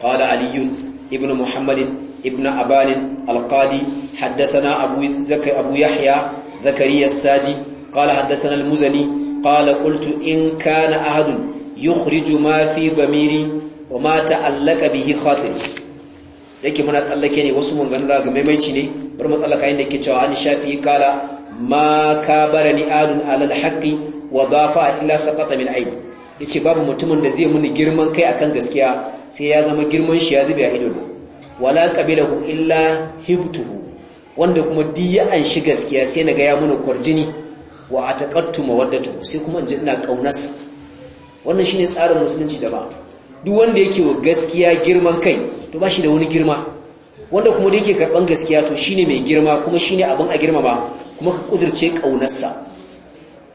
qala aliyun ibn muhammadin ibnu abalin alqadi haddathana abu yahya zakariya saji qala haddathana almuzani qala ƙultu in kana ahadun yukhriju ma fi dhamiri wa ma ta'allaka bihi khatir yake muna tsallake ne wasu mun ganin ga maimaici ne bar mu tsallaka inda yake cewa an shafi kala ma ka bara ni adun alal haƙi wa ba a illa saqata min aini ce, babu mutumin da zai muni girman kai akan gaskiya sai ya zama girman shi ya zube a idon. wala qabilahu illa hibtuhu wanda kuma di ya shi gaskiya sai mana ya muni kwarjini wa ataqattu ta, sai kuma ina ƙaunas. wannan shi ne tsarin musulunci da ba. duk wanda yake wa gaskiya girman kai to ba shi da wani girma wanda kuma da yake karban gaskiya to shine mai girma kuma shine abin a girma ba. kuma ka kudirce kaunarsa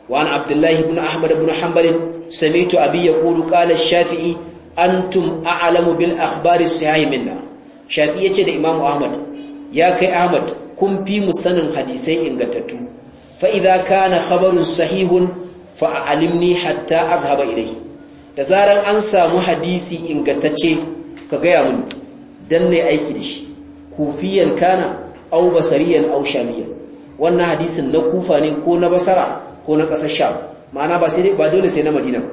wa abdullahi ibn ahmad ibn sami'tu abi yaqulu shafii antum a'lamu bil akhbari sahih minna shafi'i yace da imamu ahmad ya kai ahmad kun fi mu sanin hadisai ingantattu fa idza kana khabarun sahihun fa a'limni hatta adhhaba ilayhi da zaran an samu hadisi ingantacce ka gaya mun dan ne aiki da shi kufiyan kana aw basariyan aw shamiyan wannan hadisin na kufa ne ko na basara ko na ƙasar sham ma'ana ba sai ba dole sai na madina ba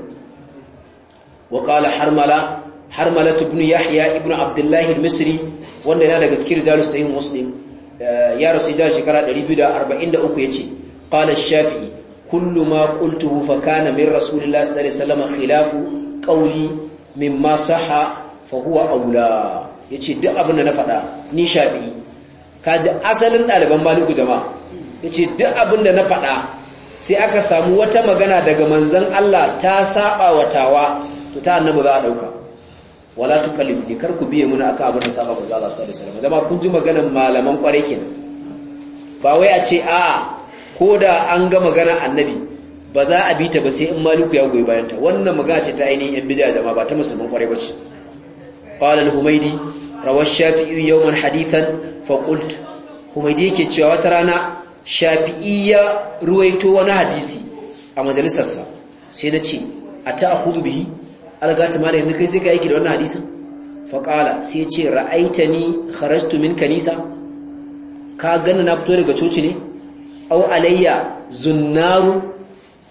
wa qala harmala harmala ibn yahya ibnu abdullah al-misri wanda yana daga cikin rijalus sahih muslim eh, ya rasu ijal shekara 243 yace qala shafii kullu ma qultuhu fa kana min rasulillahi sallallahu alaihi wasallam khilafu qawli mimma sahha fa huwa aula yace duk abin da na faɗa ni shafi'i kaji asalin ɗaliban maliku jama'a yace duk abin da na faɗa sai aka samu wata magana daga manzon Allah ta saba wa tawa to ta annabi za a dauka wala tukallibuni kar ku biye muna aka abin da saba manzon Allah sallallahu alaihi wasallam jama'a kun ji maganar malaman kwarai kenan ba wai a ce a ko da an ga magana annabi ba za a bi ta ba sai in maliku ya goyi bayanta wannan magana ce ta ainihin yan bid'a jama'a ba ta musulman kwarai ba ce qala al-humaydi rawa yawman hadithan fa qult humaydi yake cewa wata rana shafi'i ya ruwaito wani hadisi a majalisarsa sai na ce a ta hudu bihi algata da yanzu kai sai ka aiki da wani hadisi. faƙala sai ce ra'aita ni kharastu min kanisa ka gani na fito daga coci ne au alayya zunaru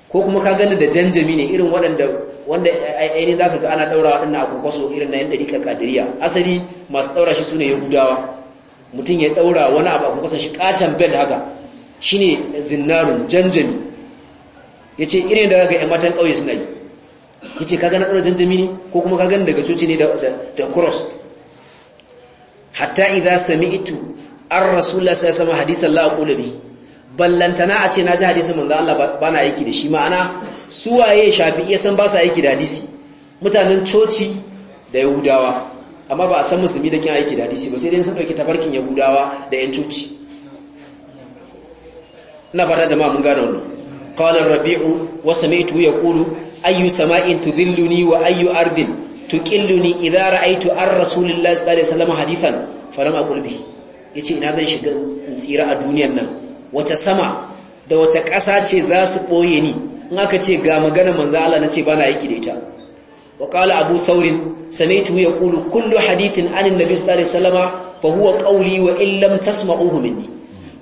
ko kuma ka gani da janjami ne irin waɗanda wanda ainihin za ka ga ana ɗaura waɗannan a kwakwaso irin na yadda rika kadiriya asali masu ɗaura shi su ne yahudawa mutum ya ɗaura wani abu a kwankwason shi ƙaton bel haka ne zinnarun janjami ce irin da ga matan ƙauye suna yi Ya ce kaga na janjami ne ko kuma kaga daga coci ne da cross hatta idan sami ito an rasulullah sallallahu ya sami hadisan la aqulu bi ballantana a ce na ji hadisa manzan Allah ba na aiki da shi ma'ana suwaye iya san ba sa aiki da hadisi mutanen coci da yahudawa amma ba a san musulmi da kin aiki da hadisi ba sai dai sun dauki tafarkin yahudawa da yan coci ina fata jama'a mun gane wannan qala rabi'u wa sami'tu yaqulu ayyu sama'in tudhilluni wa ayyu ardin tuqilluni idza ra'aytu ar-rasulillahi sallallahu alaihi wasallam hadithan falam aqul bihi yace ina zan shiga in tsira a duniyar nan wata sama da wata ƙasa ce za su ɓoye ni in aka ce ga magana manzo Allah na ce bana yaki da ita wa qala abu thawrin sami'tu yaqulu kullu hadithin anin nabiy sallallahu alaihi wasallam fa huwa qawli wa in lam tasma'uhu minni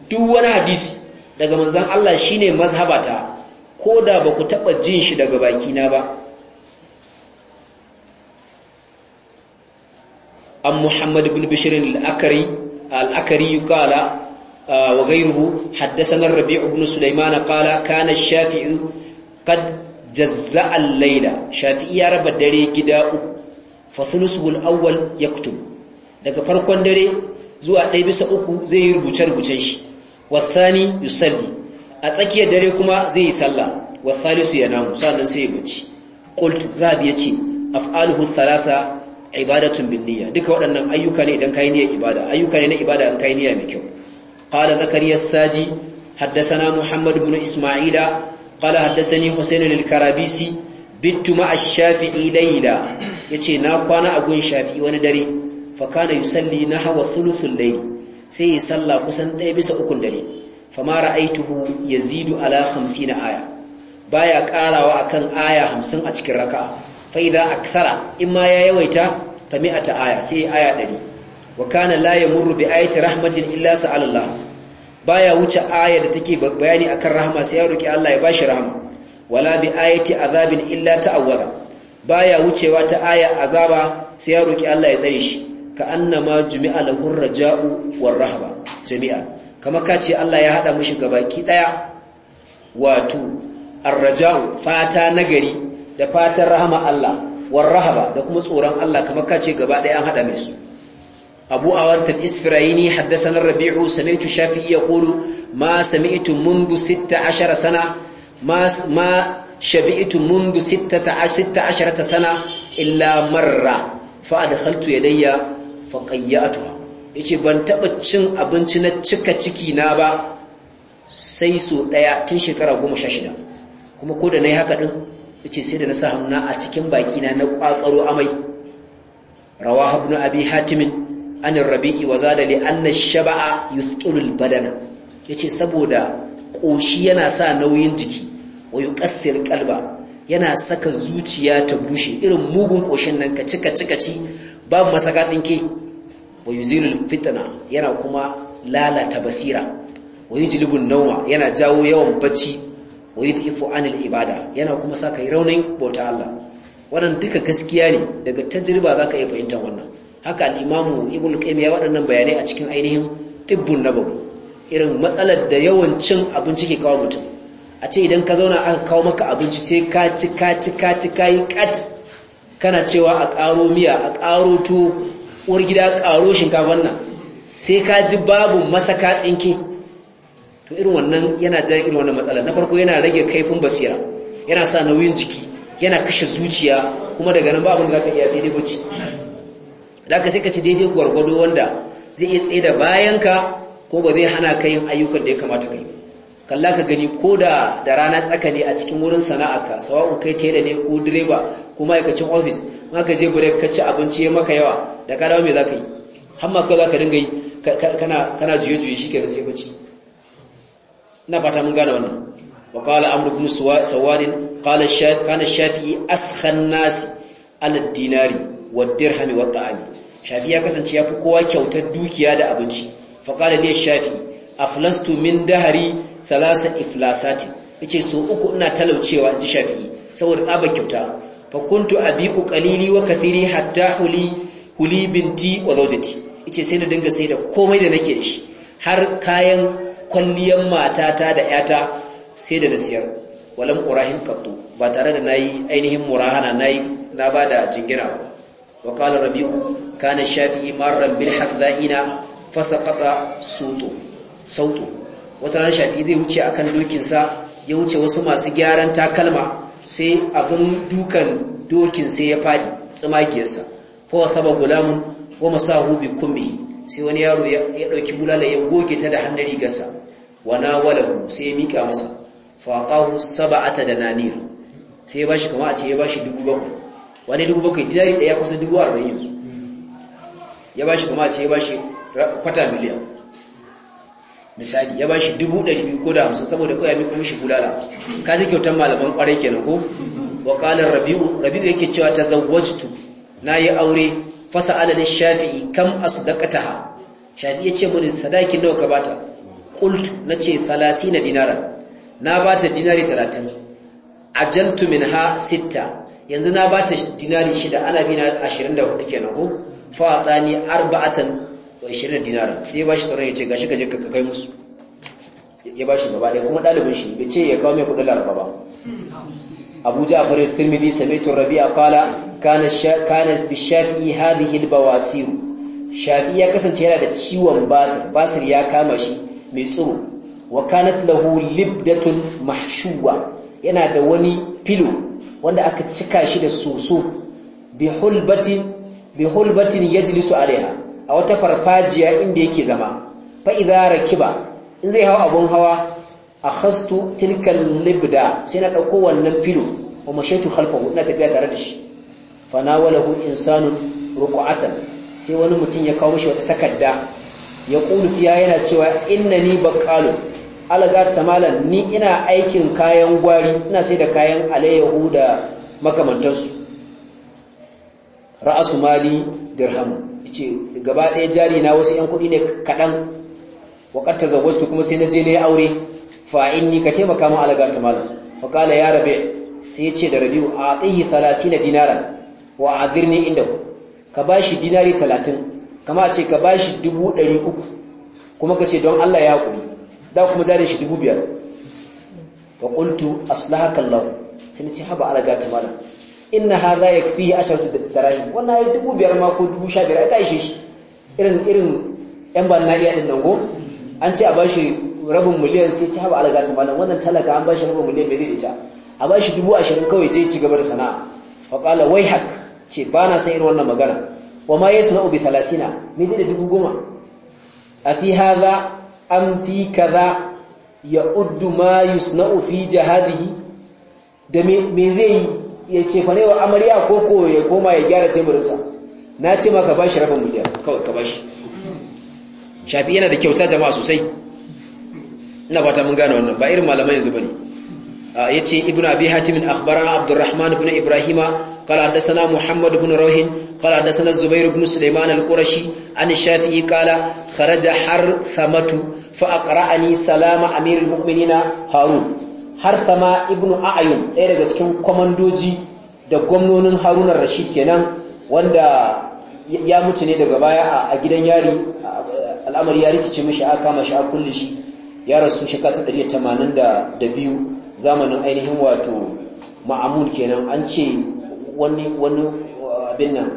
duk wani hadisi daga manzan Allah shi ne mazhabata ko da ba ku taɓa jin shi daga bakina ba an muhammad ibn bishirin al'akari yi kala uh, wa gairuhu haddasanar rabi'u ibn sulaimana kala kana shafi'i kad al laila shafi'i ya raba dare gida uku fasulusul awwal yaktub daga farkon dare zuwa ɗaya bisa uku zai yi rubuce-rubucen shi wasani yusalli a tsakiyar dare kuma zai yi sallah wasalisu ya namu sannan sai ya bace qult rabi yace af'aluhu thalasa ibadatun bin niyya duka waɗannan ayyuka ne idan kai niyyar ibada ayyuka ne na ibada an kai niyya mai kyau qala zakariya saji haddathana muhammad ibn isma'ila qala haddathani husayn al-karabisi bittu ma ash-shafi'i layla yace na kwana a gun shafi'i wani dare fa kana yusalli nahwa thuluthul layl sai ya salla kusan ɗaya bisa ukun dare fama ra'aituhu yazidu ala 50 aya baya karawa akan aya 50 a cikin raka'a fa idza akthara imma ya yawaita fa mi'ata aya sai aya 100 wa kana la yamurru bi ayati rahmatin illa sa'ala Allah baya wuce aya da take bayani akan rahma sai ya roki Allah ya bashi rahma wala bi ayati azabin illa ta'awwada baya wucewa ta aya azaba sai ya roki Allah ya tsare shi ka annama jumi'a lahur raja'u war rahaba jami'a kama ka ce Allah ya hada mushi gabaki daya wato arraja'u fata nagari da fatan rahama Allah war rahaba da kuma tsoron Allah kama ka ce gaba daya an hada mai su أبو أورت الإسفرايني حدثنا الربيع سمعت شافعي يقول ما سمعت منذ ستة sana, ma ما ما شبعت منذ ستة sana illa marra مرة فأدخلت يدي faƙayyatu ya ce ban taɓa cin abinci na cika ciki na ba sai su ɗaya tun shekara goma sha shida kuma ko da na yi haka ɗin ya ce sai da na sa hamna a cikin baki na na ƙwaƙaro amai rawa habnu abi hatimin anin rabi'i wa zada li anna shaba'a yuthqilul badana ce saboda ƙoshi yana sa nauyin jiki wa yuqassir qalba yana saka zuciya ta bushe irin mugun ƙoshin nan ka cika cika ci babu masaka dinki wa yuzilul fitna yana kuma lalata basira wa yujlibun nawma yana jawo yawan bacci wa yudifu anil ibada yana kuma saka raunin bauta Allah wannan duka gaskiya ne daga tajriba zaka iya fahimta wannan haka al-imamu ibnu qayyim ya waɗannan bayanai a cikin ainihin tibbun nabawi irin matsalar da yawan cin abinci ke kawo mutum a ce idan ka zauna aka kawo maka abinci sai ka ci ka ci ka ci ka kat kana cewa a ƙaro miya a ƙaro tuwo wani gida ƙaro shinkafan nan sai ka ji babu masaka tsinke to irin wannan yana jan irin wannan matsala na farko yana rage kaifin basira yana sa nauyin jiki yana kashe zuciya kuma daga nan ba da ka iya sai dai bacci da ka sai ka ci daidai gwargwado wanda zai iya tsaye da bayanka ko ba zai hana ka yin ayyukan da ya kamata ka yi kalla ka gani ko da da rana tsaka ne a cikin wurin sana'arka sawa'un kai tela ne ko direba ko ma'aikacin ofis ma ka je break ka ci abinci ya maka yawa da ka dawo me za ka yi hamma kai za ka dinga yi kana kana juye-juye shi kenan sai bacci ina fata mun gane wannan wa qala amru ibn sawadin qala shafi kana shafi'i askhan nas ala dinari wa dirhami wa ta'ami shafi ya kasance ya fi kowa kyautar dukiya da abinci fa qala li shafi aflastu min dahari salasa iflasati yace so uku ina talaucewa inji shafi'i saboda tsaba kyauta fa kuntu abiu qalili wa kathiri hatta huli huli binti wa zawjati yace sai na dinga sai da komai da nake da shi har kayan kwalliyan matata da yata sai da nasiyar walam urahin qattu ba tare da nayi ainihin murahana nayi na bada jingira wa qala rabi'u kana shafi'i marran bil ina fasaqata sutu sautu wata ran shafi zai wuce akan dokinsa ya wuce wasu masu gyaran takalma sai abin dukan dokin sai ya fadi tsumakiyarsa fa saba gulamun wa masahu bi kummihi sai wani yaro ya dauki bulala ya goge ta da hannun rigarsa wala walahu sai ya mika masa faqahu sab'ata dananir sai ya bashi kuma a ce ya bashi bakwai wani bakwai dinari daya kusa 40,000 yanzu ya bashi kuma a ce ya bashi kwata miliyan misali ya bashi dubu ɗari biyu ko da hamsin saboda kawai mai kuma shi bulala ka ji kyautar malaman ƙwarai kenan ko wa rabi'u rabi'u yake cewa ta zawajtu na yi aure fasa alalin shafi'i kam a su ha shafi'i ya ce mini sadakin nawa ka bata ce nace na dinara na bata dinari talatin. jantu min ha, sitta yanzu na bata dinari shida ana ashirin da 24 kenan ko fa atani arba'atan shirin 20 dinara sai ya bashi sauran ya ce gashi ka ka kai musu ya bashi gaba ɗaya kuma ɗalibin shi bai ce ya kawo mai kuɗin laraba ba abu farin turmini tirmidhi sami'tu rabi a kala kana shafi shafi'i hilba wasiru shafi ya kasance yana da ciwon basir basir ya kama shi mai tsoro wa kanat lahu libdatun mahshuwa yana da wani filo wanda aka cika shi da soso bi hulbatin bi hulbatin yajlisu alaiha a wata farfajiya inda yake zama fa idza rakiba in zai hawa abun hawa akhastu tilka libda sai na dauko wannan filo wa mashaitu khalfahu ina tafiya tare da shi fa nawalahu insanu Ruku'atan, sai wani mutum ya kawo shi wata takarda ya kulu fiya yana cewa innani baqalu alaga tamalan ni ina aikin kayan gwari ina sai da kayan alayyahu da makamantansu ra'asu mali dirham yace gaba ɗaya jari na wasu yan kuɗi ne kaɗan waƙar ta kuma sai na je na yi aure fa inni ka taimaka ma alaga ta fa kala ya rabi sai ya da rabi a tsayi 30 dinara wa adirni inda ka bashi dinari talatin kama ce ka bashi dubu kuma ka ce don Allah ya haƙuri da kuma zare shi dubu biyar fa qultu aslahaka Allah sai nace haba alaga ta inna hadha yakfihi asharatu dirahim wannan ai dubu biyar ma ko dubu sha biyar ai ta ishe shi irin irin yan ban na iya nan go an ce a bashi rabin miliyan sai ci haba algata malam wannan talaka an bashi rabin miliyan bai ita a bashi dubu ashirin kawai je ci gaba da sana'a fa qala wayhak ce ba na san irin wannan magana wa ma yasna'u bi 30 me da dubu goma a fi hadha am fi kaza ya uddu ma yusna'u fi jihadihi da me zai yi yace ce fa ne wa amarya ko ko ya koma ya gyara teburinsa na ce maka ba shi rabin kawai ka ba shi shafi yana da kyauta jama'a sosai ina ba ta mun gane wannan ba irin malaman yanzu ba ne ya ibn abi hatim bin akhbaran abdurrahman bin ibrahima qala hadathana muhammad bin rawhin qala hadathana zubair bin sulaiman al-qurashi an shafi'i qala kharaja har thamatu salama amir al-mu'minina harun har sama ibnu a'ayun ɗaya daga cikin kwamandoji da gwamnonin harunar rashid kenan wanda ya mutu ne daga baya a gidan yari al'amari ya rikice mashi a kama shi a kulle shi ya rasu shekata 182 zamanin ainihin wato ma'amun kenan an ce wani wani abin nan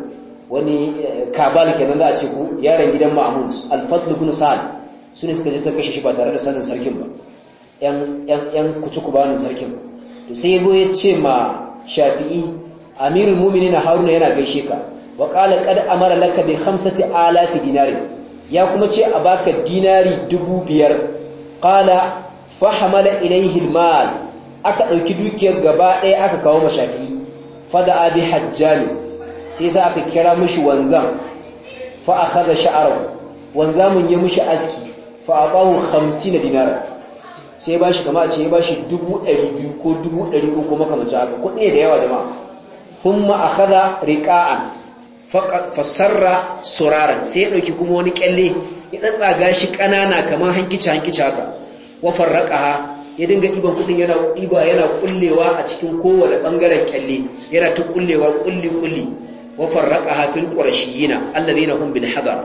wani eh, kabal kenan za a ce ku yaran gidan ma'amun alfadlu sahad su ne suka je suka kashe shi ba tare da sanin sarkin ba yan ku kubanin sarkin to sai yazo ya ce ma shafi'i amirul mu'minin haruna yana gaishe ka wa qala qad amara laka bi khamsati alafi dinari ya kuma ce a baka dinari dubu biyar qala fa hamala ilayhi almal aka ɗauki dukiyar gaba ɗaya aka kawo ma shafi'i fada abi hajjali sai sai aka kira mushi wanzan fa akhadha sha'ara wanzamun ya mushi aski fa aqahu 50 dinar. sai ba shi kama a ce ya ba shi dubu ɗari biyu ko dubu ɗari uku makamacin haka kuɗi da yawa jama'a sun ma'akada riƙa'an fasarra suraran sai ya ɗauki kuma wani ƙyalle ya tsatsaga shi ƙanana kamar hankici hankici haka wafar raƙaha ya dinga ɗiban kuɗin yana ɗiba yana ƙullewa a cikin kowane ɓangaren ƙyalle yana ta ƙullewa ƙulli ƙulli wafar raƙaha fil ƙurashiyina allazi na hun bil hadar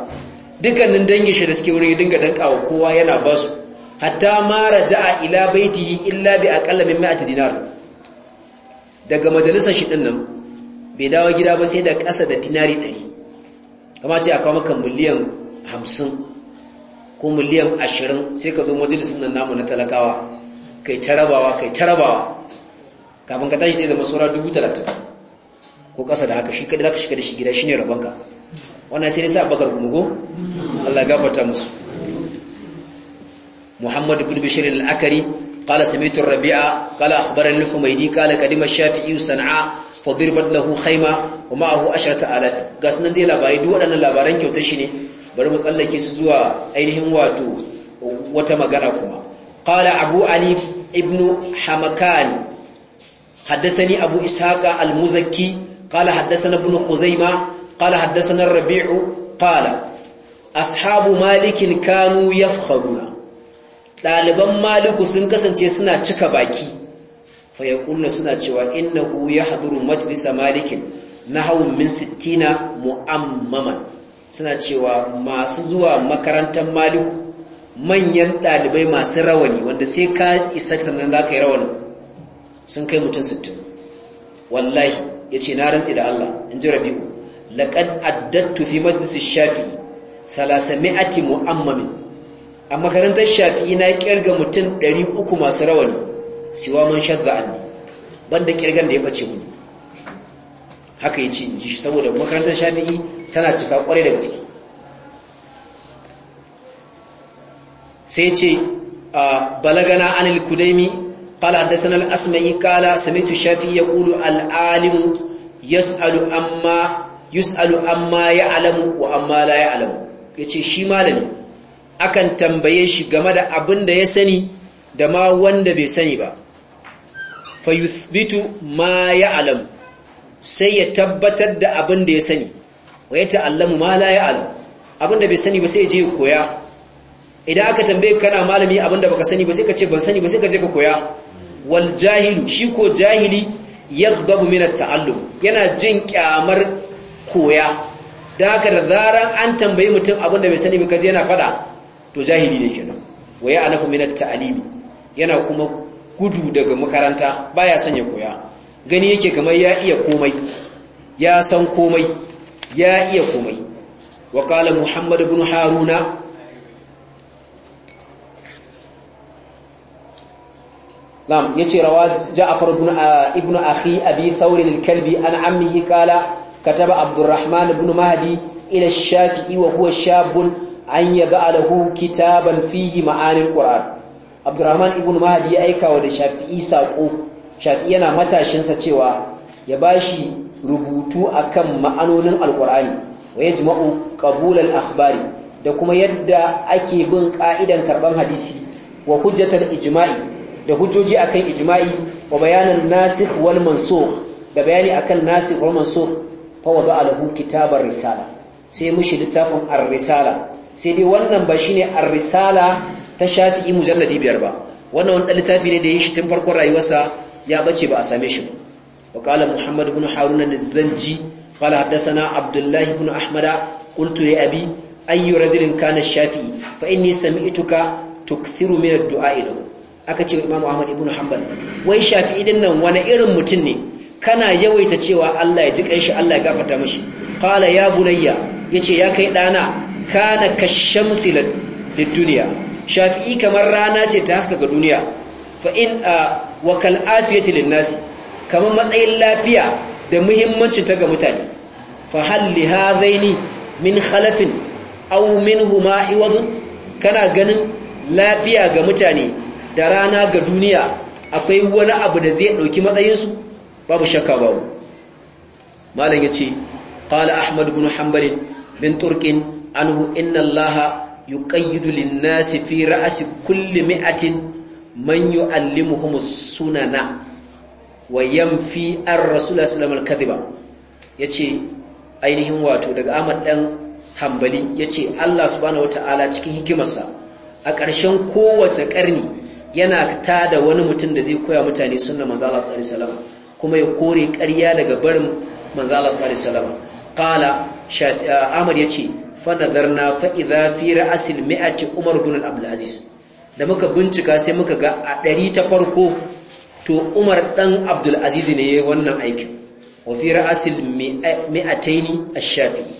dukkanin dangin shi da suke wurin ya dinga danƙawa kowa yana basu hatta ma raja'a ila baitihi illa bi aqalla min 100 dinar daga majalisar shi dinnan nan bai dawo gida ba sai da ƙasa da dinari 100 kuma ce aka maka miliyan 50 ko miliyan 20 sai ka zo majalisar nan namu na talakawa kai tarabawa kai tarabawa kafin ka tashi sai da masora 30 ko ƙasa da haka shi kada zaka shiga da shi gida shine rabanka wannan sai dai sa bakar gumugo Allah ya gafarta musu محمد بن بشير الأكري قال سمعت الربيع قال أخبرني الحميدي قال قدم الشافعي صنعاء فضربت له خيمة ومعه عشرة آلاف قاسنا دي لاباري دو أنا لابارين كيو تشيني بل مسألة سزوا أينهم واتو وتمغنكما قال أبو علي ابن حمكان حدثني أبو إسحاق المزكي قال حدثنا ابن خزيمة قال حدثنا الربيع قال أصحاب مالك كانوا يفخرون ɗaliban maliku sun kasance suna cika baki faya ƙulna suna cewa innahu ya haduru majalisa malikin na hawan min sittina mu'ammaman suna cewa masu zuwa makarantar maliku manyan ɗalibai masu rawani wanda sai ka isa sannan za ka yi rawani sun kai mutum sittin wallahi ya ce na rantsi da Allah in ji rabi'u laƙad addattu fi majalisar shafi salasami'ati mu'ammamin a makarantar shafi'i na kirga mutum 300 masu rawani siwa man shadda an ne banda kirgan da ya bace muni haka ya ce in ji shi saboda makarantar shafi'i tana cika kwarai da gaske sai ce balagana anil kudaimi قال حدثنا الأسمعي قال سمعت الشافعي يقول amma ya alamu, wa amma la ya alamu, ya ce shi malami akan tambaye shi game da abin da ya sani da ma wanda bai sani ba fayuthbitu ma ya'lamu sai ya tabbatar da abin da ya sani wa ya ta'allamu ma la ya'lamu abin da bai sani ba sai ya je ya koya idan aka tambaye kana malami abin da baka sani ba sai ka ce ban sani ba sai ka je ka koya wal jahilu shi ko jahili yaghdabu min at-ta'allum yana jin kyamar koya da haka da zaran an tambayi mutum abin da bai sani ba kaje yana fada to jahili ne kenan wa ya anafu minat ta'alimi yana kuma gudu daga makaranta baya son ya koya gani yake kamar ya iya komai ya san komai ya iya komai wa muhammad ibn haruna lam yace rawa ja'far ibn ibn akhi abi thawr al-kalbi an ammihi qala kataba abdurrahman ibn mahdi ila ash iwa wa huwa an yaga alahu kitaban fihi ma'anin qur'an abdurrahman ibn mahdi ya aika wa da shafi'i sako shafi'i yana matashinsa cewa ya bashi rubutu akan ma'anonin alqur'ani wa yajma'u qabul al-akhbari da kuma yadda ake bin ƙa'idan karban hadisi wa hujjatar ijma'i da hujjoji akan ijma'i wa bayanan nasikh wal mansukh da bayani akan nasikh wal mansukh fa wada lahu kitabar risala sai mushi littafin ar-risala sai dai wannan ba shine a risala ta shafi'i mujalladi biyar ba wannan wani littafi ne da ya shi tun farkon rayuwarsa ya bace ba a same shi ba wa qala muhammad bin Haruna na zanji qala haddathana abdullah ibn ahmada qultu li abi ayyu rajulin kana shafi'i fa inni sami'tuka tukthiru min ad-du'a lahu aka ce imam ahmad ibn hanbal wai shafi'i idan nan wani irin mutum ne kana yawaita cewa Allah ya ji kanshi Allah ya gafarta mishi qala ya bunayya yace ya kai dana kana kashamsi da duniya shafi'i kamar rana ce ta haska ga duniya fa in wa kal afiyati lin kamar matsayin lafiya da muhimmanci ta ga mutane fa hal li min khalafin min huma iwad kana ganin lafiya ga mutane da rana ga duniya akwai wani abu da zai ɗauki matsayinsu babu shakka babu malam yace qala ahmad ibn hanbal bin turkin. anhu inna allaha yuqayyidu lin-nasi fi ra'si kulli mi'atin man yu'allimuhum sunana wa yanfi ar-rasul sallallahu alaihi wasallam yace ainihin wato daga Ahmad dan Hanbali yace Allah subhanahu wata'ala cikin hikimarsa a ƙarshen kowace ƙarni yana tada wani mutum da zai koya mutane sunna manzo Allah sallallahu alaihi wasallam kuma ya kore ƙarya daga barin manzo Allah sallallahu alaihi wasallam qala Ahmad yace فنظرنا فإذا في رأس المئة Umar بن Abdul aziz da muka bincika sai muka ga a ɗari ta farko to umar ɗan aziz ne ya wannan aikin wafi ra'asil mi'ataini a shafi'i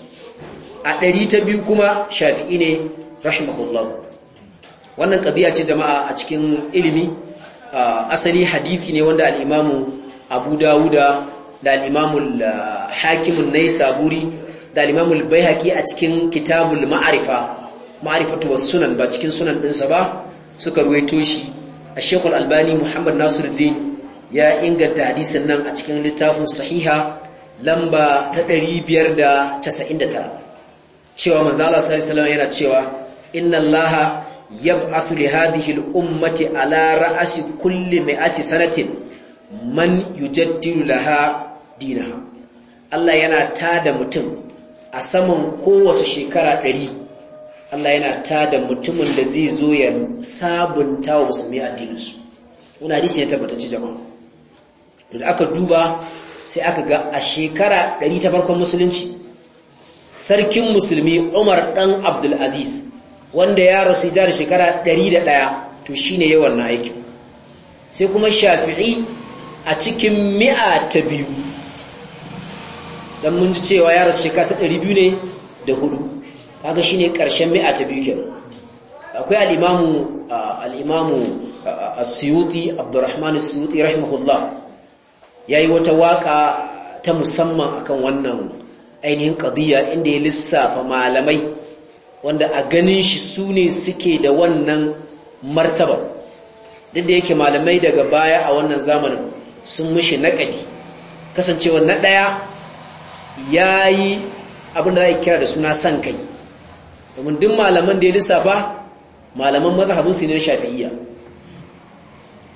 a ɗari ta biyu kuma shafi'i ne rahimahullahu wannan ƙadiyya ce jama'a a cikin ilimi asali hadithi ne wanda al'imamu abu dawuda da al'imamu hakimun saburi da limamul baihaqi a cikin kitabul ma'arifa ma'arifatu was sunan ba cikin sunan ɗinsa ba suka ruwaito shi a shekul albani muhammad nasiruddin ya inganta hadisin nan a cikin littafin sahiha lamba ta 599 cewa manzala sallallahu alaihi yana cewa inna allaha yab'athu li hadhihi al-ummati ala ra'si kulli mi'ati sanatin man yujaddidu laha dinaha Allah yana tada mutum a saman kowace shekara ɗari Allah yana tada mutumin da zai zo ya sabunta wa musulmi addininsu wani hadisi ya tabbatacce jama'a da aka duba sai aka ga a shekara ɗari ta farkon musulunci sarkin musulmi umar ɗan abdulaziz wanda ya rasu ya da shekara ɗari da ɗaya to shi ne yawan na aiki sai kuma shafi'i a cikin mi'a ta biyu dan mun ji cewa ya rasu shekara ta ɗari 200 ne da hudu kaga shine karshen mi'a ta biyu kenan akwai al-imamu al-imamu as-suyuti abdurrahman as-suyuti rahimahullah yayi wata waka ta musamman akan wannan ainihin qadiya inda ya lissafa malamai wanda a ganin shi sune suke da wannan martaba duk da yake malamai daga baya a wannan zamanin sun mishi naƙadi kasancewa na ɗaya ya yi abin da za a kira da suna san kai domin duk malaman da ya lissafa malaman maza su ne shafi'iyya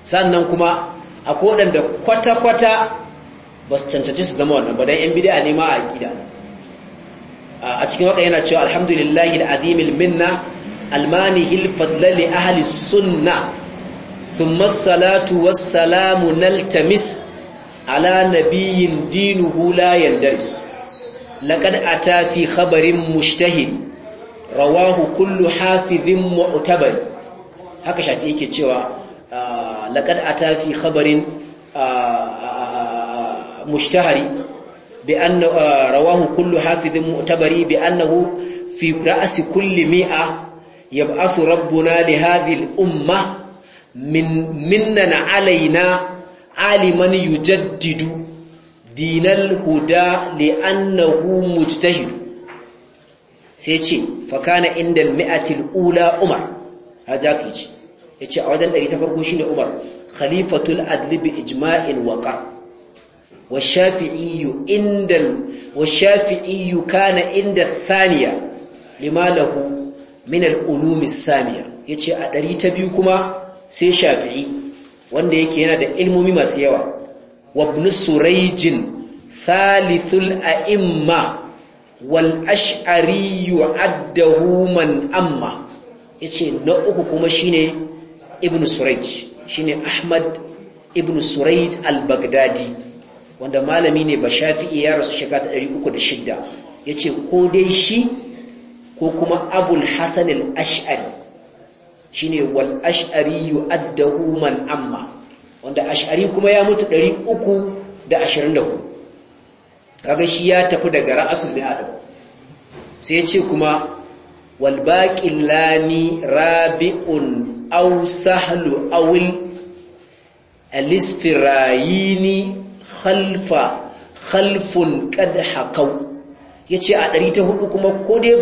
sannan kuma a kodan da kwata-kwata ba su cancanci su zama wannan ba don 'yan bidiyar ne ma a gida a cikin waka yana cewa alhamdulillahi da azimil minna almani fadlali ahli sunna thumma salatu wassalamu naltamis ala nabiyyin dinuhu la yandaris laqad ata fi khabarin mushtahid rawahu kullu hafizin mu'tabar haka shafi yake cewa laqad ata fi khabarin mushtahari bi anna rawahu kullu hafizin mu'tabari bi annahu fi ra'si kulli mi'a yab'athu rabbuna li hadhihi al-umma min alaina aliman jaddidu. dinal huda li'annahu mujtahid sai ce fakana kana mi'atil ula umar haja ce yace a wajen dari ta farko shine umar khalifatul adli bi ijma'in waqa wa shafi'i wa shafi'i kana inda thaniya lima lahu min al-ulum as yace a dari ta biyu kuma sai shafi'i wanda yake yana da ilmomi masu yawa wa ibn surayj thalithul a'imma wal ash'ari yu'addahu man amma yace na uku kuma shine ibn surayj shine ahmad ibn surayj al-baghdadi wanda malami ne ba shafi'i ya rasu shekara 306 yace ko dai shi ko kuma abul hasan al-ash'ari shine wal ash'ari yu'addahu man amma wanda ash'ari kuma ya mutu 324 kaga shi ya tafi daga ra'asul mi'adam sai ya ce kuma wal Lani rabi'un aw sahlu aw al khalfa khalfun qad hakaw yace a 404 kuma ko dai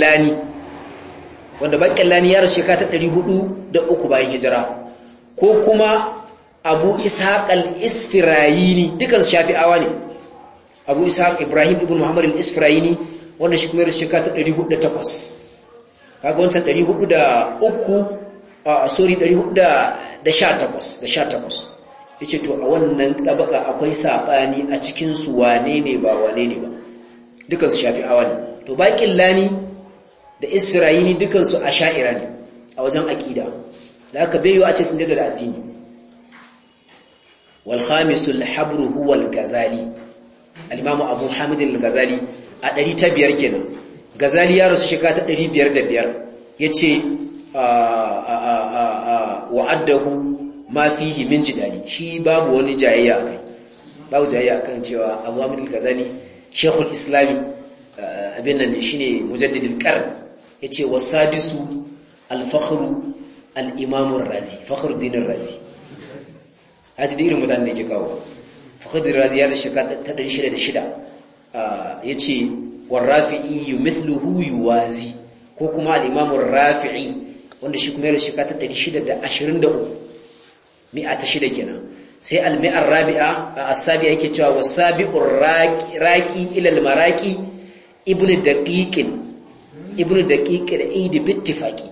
Lani, wanda Lani ya rashe ka ta uku bayan hijira ko kuma abu ishaq al-isfirayini dukansu shafi'awa ne abu ishaq ibrahim ibn muhammad al-isfirayini wanda shi kuma shekara ta 408 kaga wancan 403 a sorry 418 yace to a wannan tabaka akwai sabani a cikin su wane ne ba wane ne ba dukansu shafi'awa ne to bakin lani da isfirayini dukansu asha'ira ne a wajen aqida da haka bai a ce sun da addini wal khamisul habru huwa al ghazali al imam abu hamid al ghazali a 500 kenan ghazali ya rasu shekara ta 505 yace wa'addahu ma fihi min jidali shi babu wani jayayya cewa abu hamid al ghazali shaykhul islami abin nan shine mujaddidil qarn yace wasadisu al fakhru al imam ar razi razi haji da irin mutane ne ke kawo fakhdir razi ya da shekara ta ah, 606 yace warafi'i huyu wazi? ko kuma al-imam rafi'i wanda shi kuma ya da shekara ta 623 mi'a ta shida kenan sai al-mi'ar rabi'a as-sabi yake cewa wasabi'ur raqi ila al-maraqi ibnu daqiqin ibnu daqiqin idi bittifaqi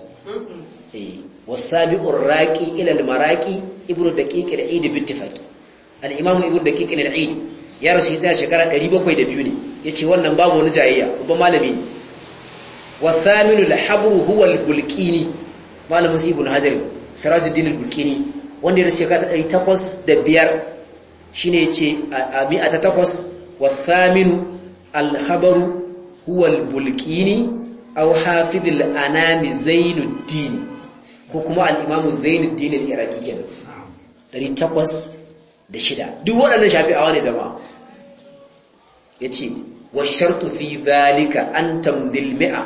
wasabi'ur raqi ila al-maraqi ibnu daqiq al-eid bittifaqi al-imam ibnu daqiq al-eid ya rasu ta shekara 702 ne yace wannan babu wani jayayya babban malami ne wasaminu al-habru huwa al-bulqini malamin sibun hajar sirajuddin al-bulqini wanda ya shekara rasu da biyar shine yace a ta takwas wasaminu al-khabaru huwa al-bulqini aw hafiz al-anami zainuddin ko kuma al-imamu zainuddin al-iraqi kenan 806 duk waɗannan shafi'awa ne jama'a yace wa shartu fi zalika an tamdil mi'a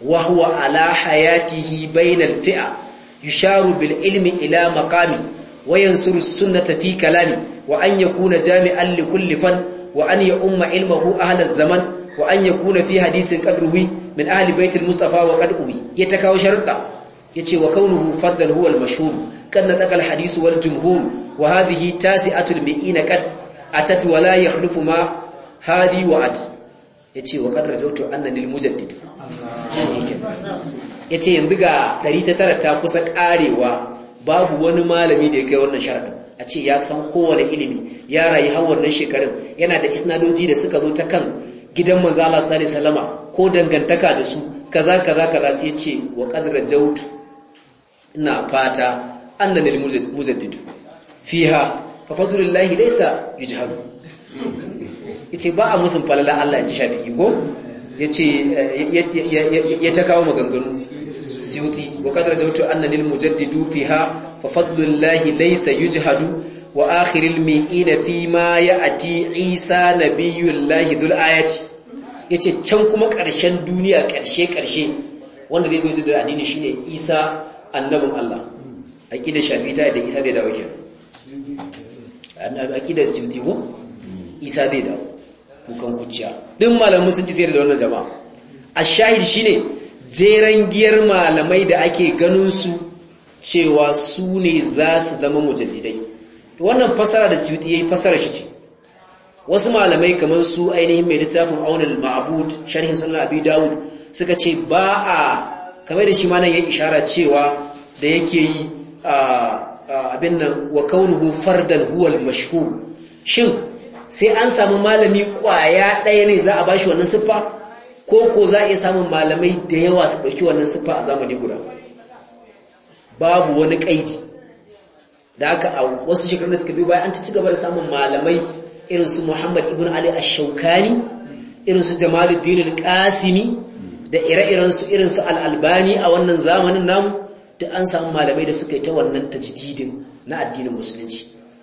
wa huwa ala hayatihi bayna al-fi'a yusharu bil ilmi ila maqami wa yansuru sunnata fi kalami wa an yakuna jami'an li kulli fan wa an ya'umma ilmahu ahla zaman wa an yakuna fi hadisin qadruhi min ahli bait wa mustafa wa ta kawo sharuda yace wa kaunuhu faddal huwa al-mashhur kan nadaka al-hadith wal jumhur wa hadhihi tasi'atul mi'ina qad atat wa la yakhlufu ma hadi wa at ce wa qad rajawtu anna lil mujaddid yace yanzu ga 109 ta kusa karewa babu wani malami da ya kai wannan sharaɗa a ce ya san kowane ilimi ya rayu har nan shekarun yana da isnadoji da suka zo ta kan gidan manzo Allah sallallahu ko dangantaka da su kaza kaza kaza sai ya ce wa qad rajawtu ina fata annal mujaddid fiha fa fadlullahi laysa yujhadu yace ba a musun falala Allah ya ji shafi'i ko yace ya ta kawo maganganu siyuti wa qadra jawtu anna lil mujaddidu fiha fa fadlullahi laysa yujhadu wa akhiril mi'ina fi ma ya'ti isa nabiyullahi dhul ayati yace can kuma karshen duniya karshe karshe wanda zai zo da addini shine isa annabin Allah aqidar shafi'ita da isa zai dawo annabi aqidar sudi ko isa zai dawo kukan kuciya din malamu sun ci sai da wannan jama'a ashahid shine jeran giyar malamai da ake ganin su cewa su ne za su zama mujaddidai wannan fasara da sudi yayi fasara shi ce wasu malamai kamar su ainihin mai littafin aunul ma'bud sharhin sunan abi dawud suka ce ba a kamar da shi ma nan ya ishara cewa da yake yi a abin nan wa kaunuhu fardan huwal mashhur shin sai an samu malami kwaya ɗaya ne za a bashi wannan siffa ko ko za a iya samun malamai da yawa su ɗauki wannan siffa a zamani guda babu wani ƙaidi da aka a wasu shekaru da suka biyu bayan an ci gaba da samun malamai irin su Muhammad ibn Ali ash-Shawkani irin su Jamaluddin al-Qasimi da ire-iren su irin su al'albani a wannan zamanin namu da an samu malamai da suka yi ta wannan tajdidin na addinin musulunci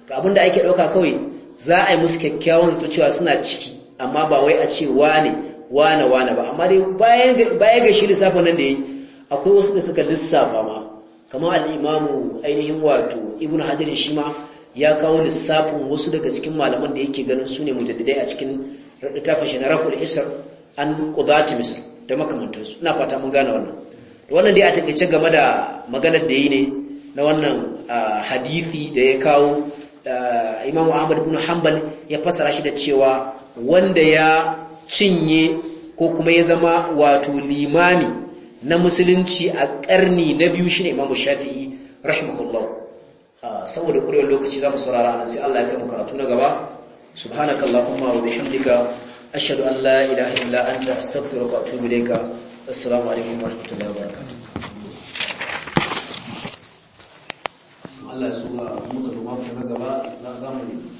to abin da ake ɗauka kawai za a yi musu kyakkyawan zato cewa suna ciki amma ba wai a ce wane wane wane ba amma dai baya ga shi nan da yi akwai wasu da suka lissafa ma kamar ainihin wato ibn hajarin shi ma ya kawo lissafin wasu daga cikin malaman da yake ganin su ne mujaddidai a cikin littafin shi na rakul isar an kudati misir da makamantansu ina fata mun gane wannan wannan dai a takaice game da maganar da yi ne na wannan hadithi da ya kawo imam ahmad ibn hanbal ya fassara shi da cewa wanda ya cinye ko kuma ya zama wato limami na musulunci a karni na biyu shine imam shafi'i rahimahullah saboda kurewar lokaci za mu saurara nan sai Allah ya kai mu karatu na gaba subhanakallahumma wa bihamdika ashhadu an la ilaha illa anta astaghfiruka wa atubu ilayka assalamu alaikum wa rahmatullahi wa barakatuh Allah ya suka muka duba kuma gaba za mu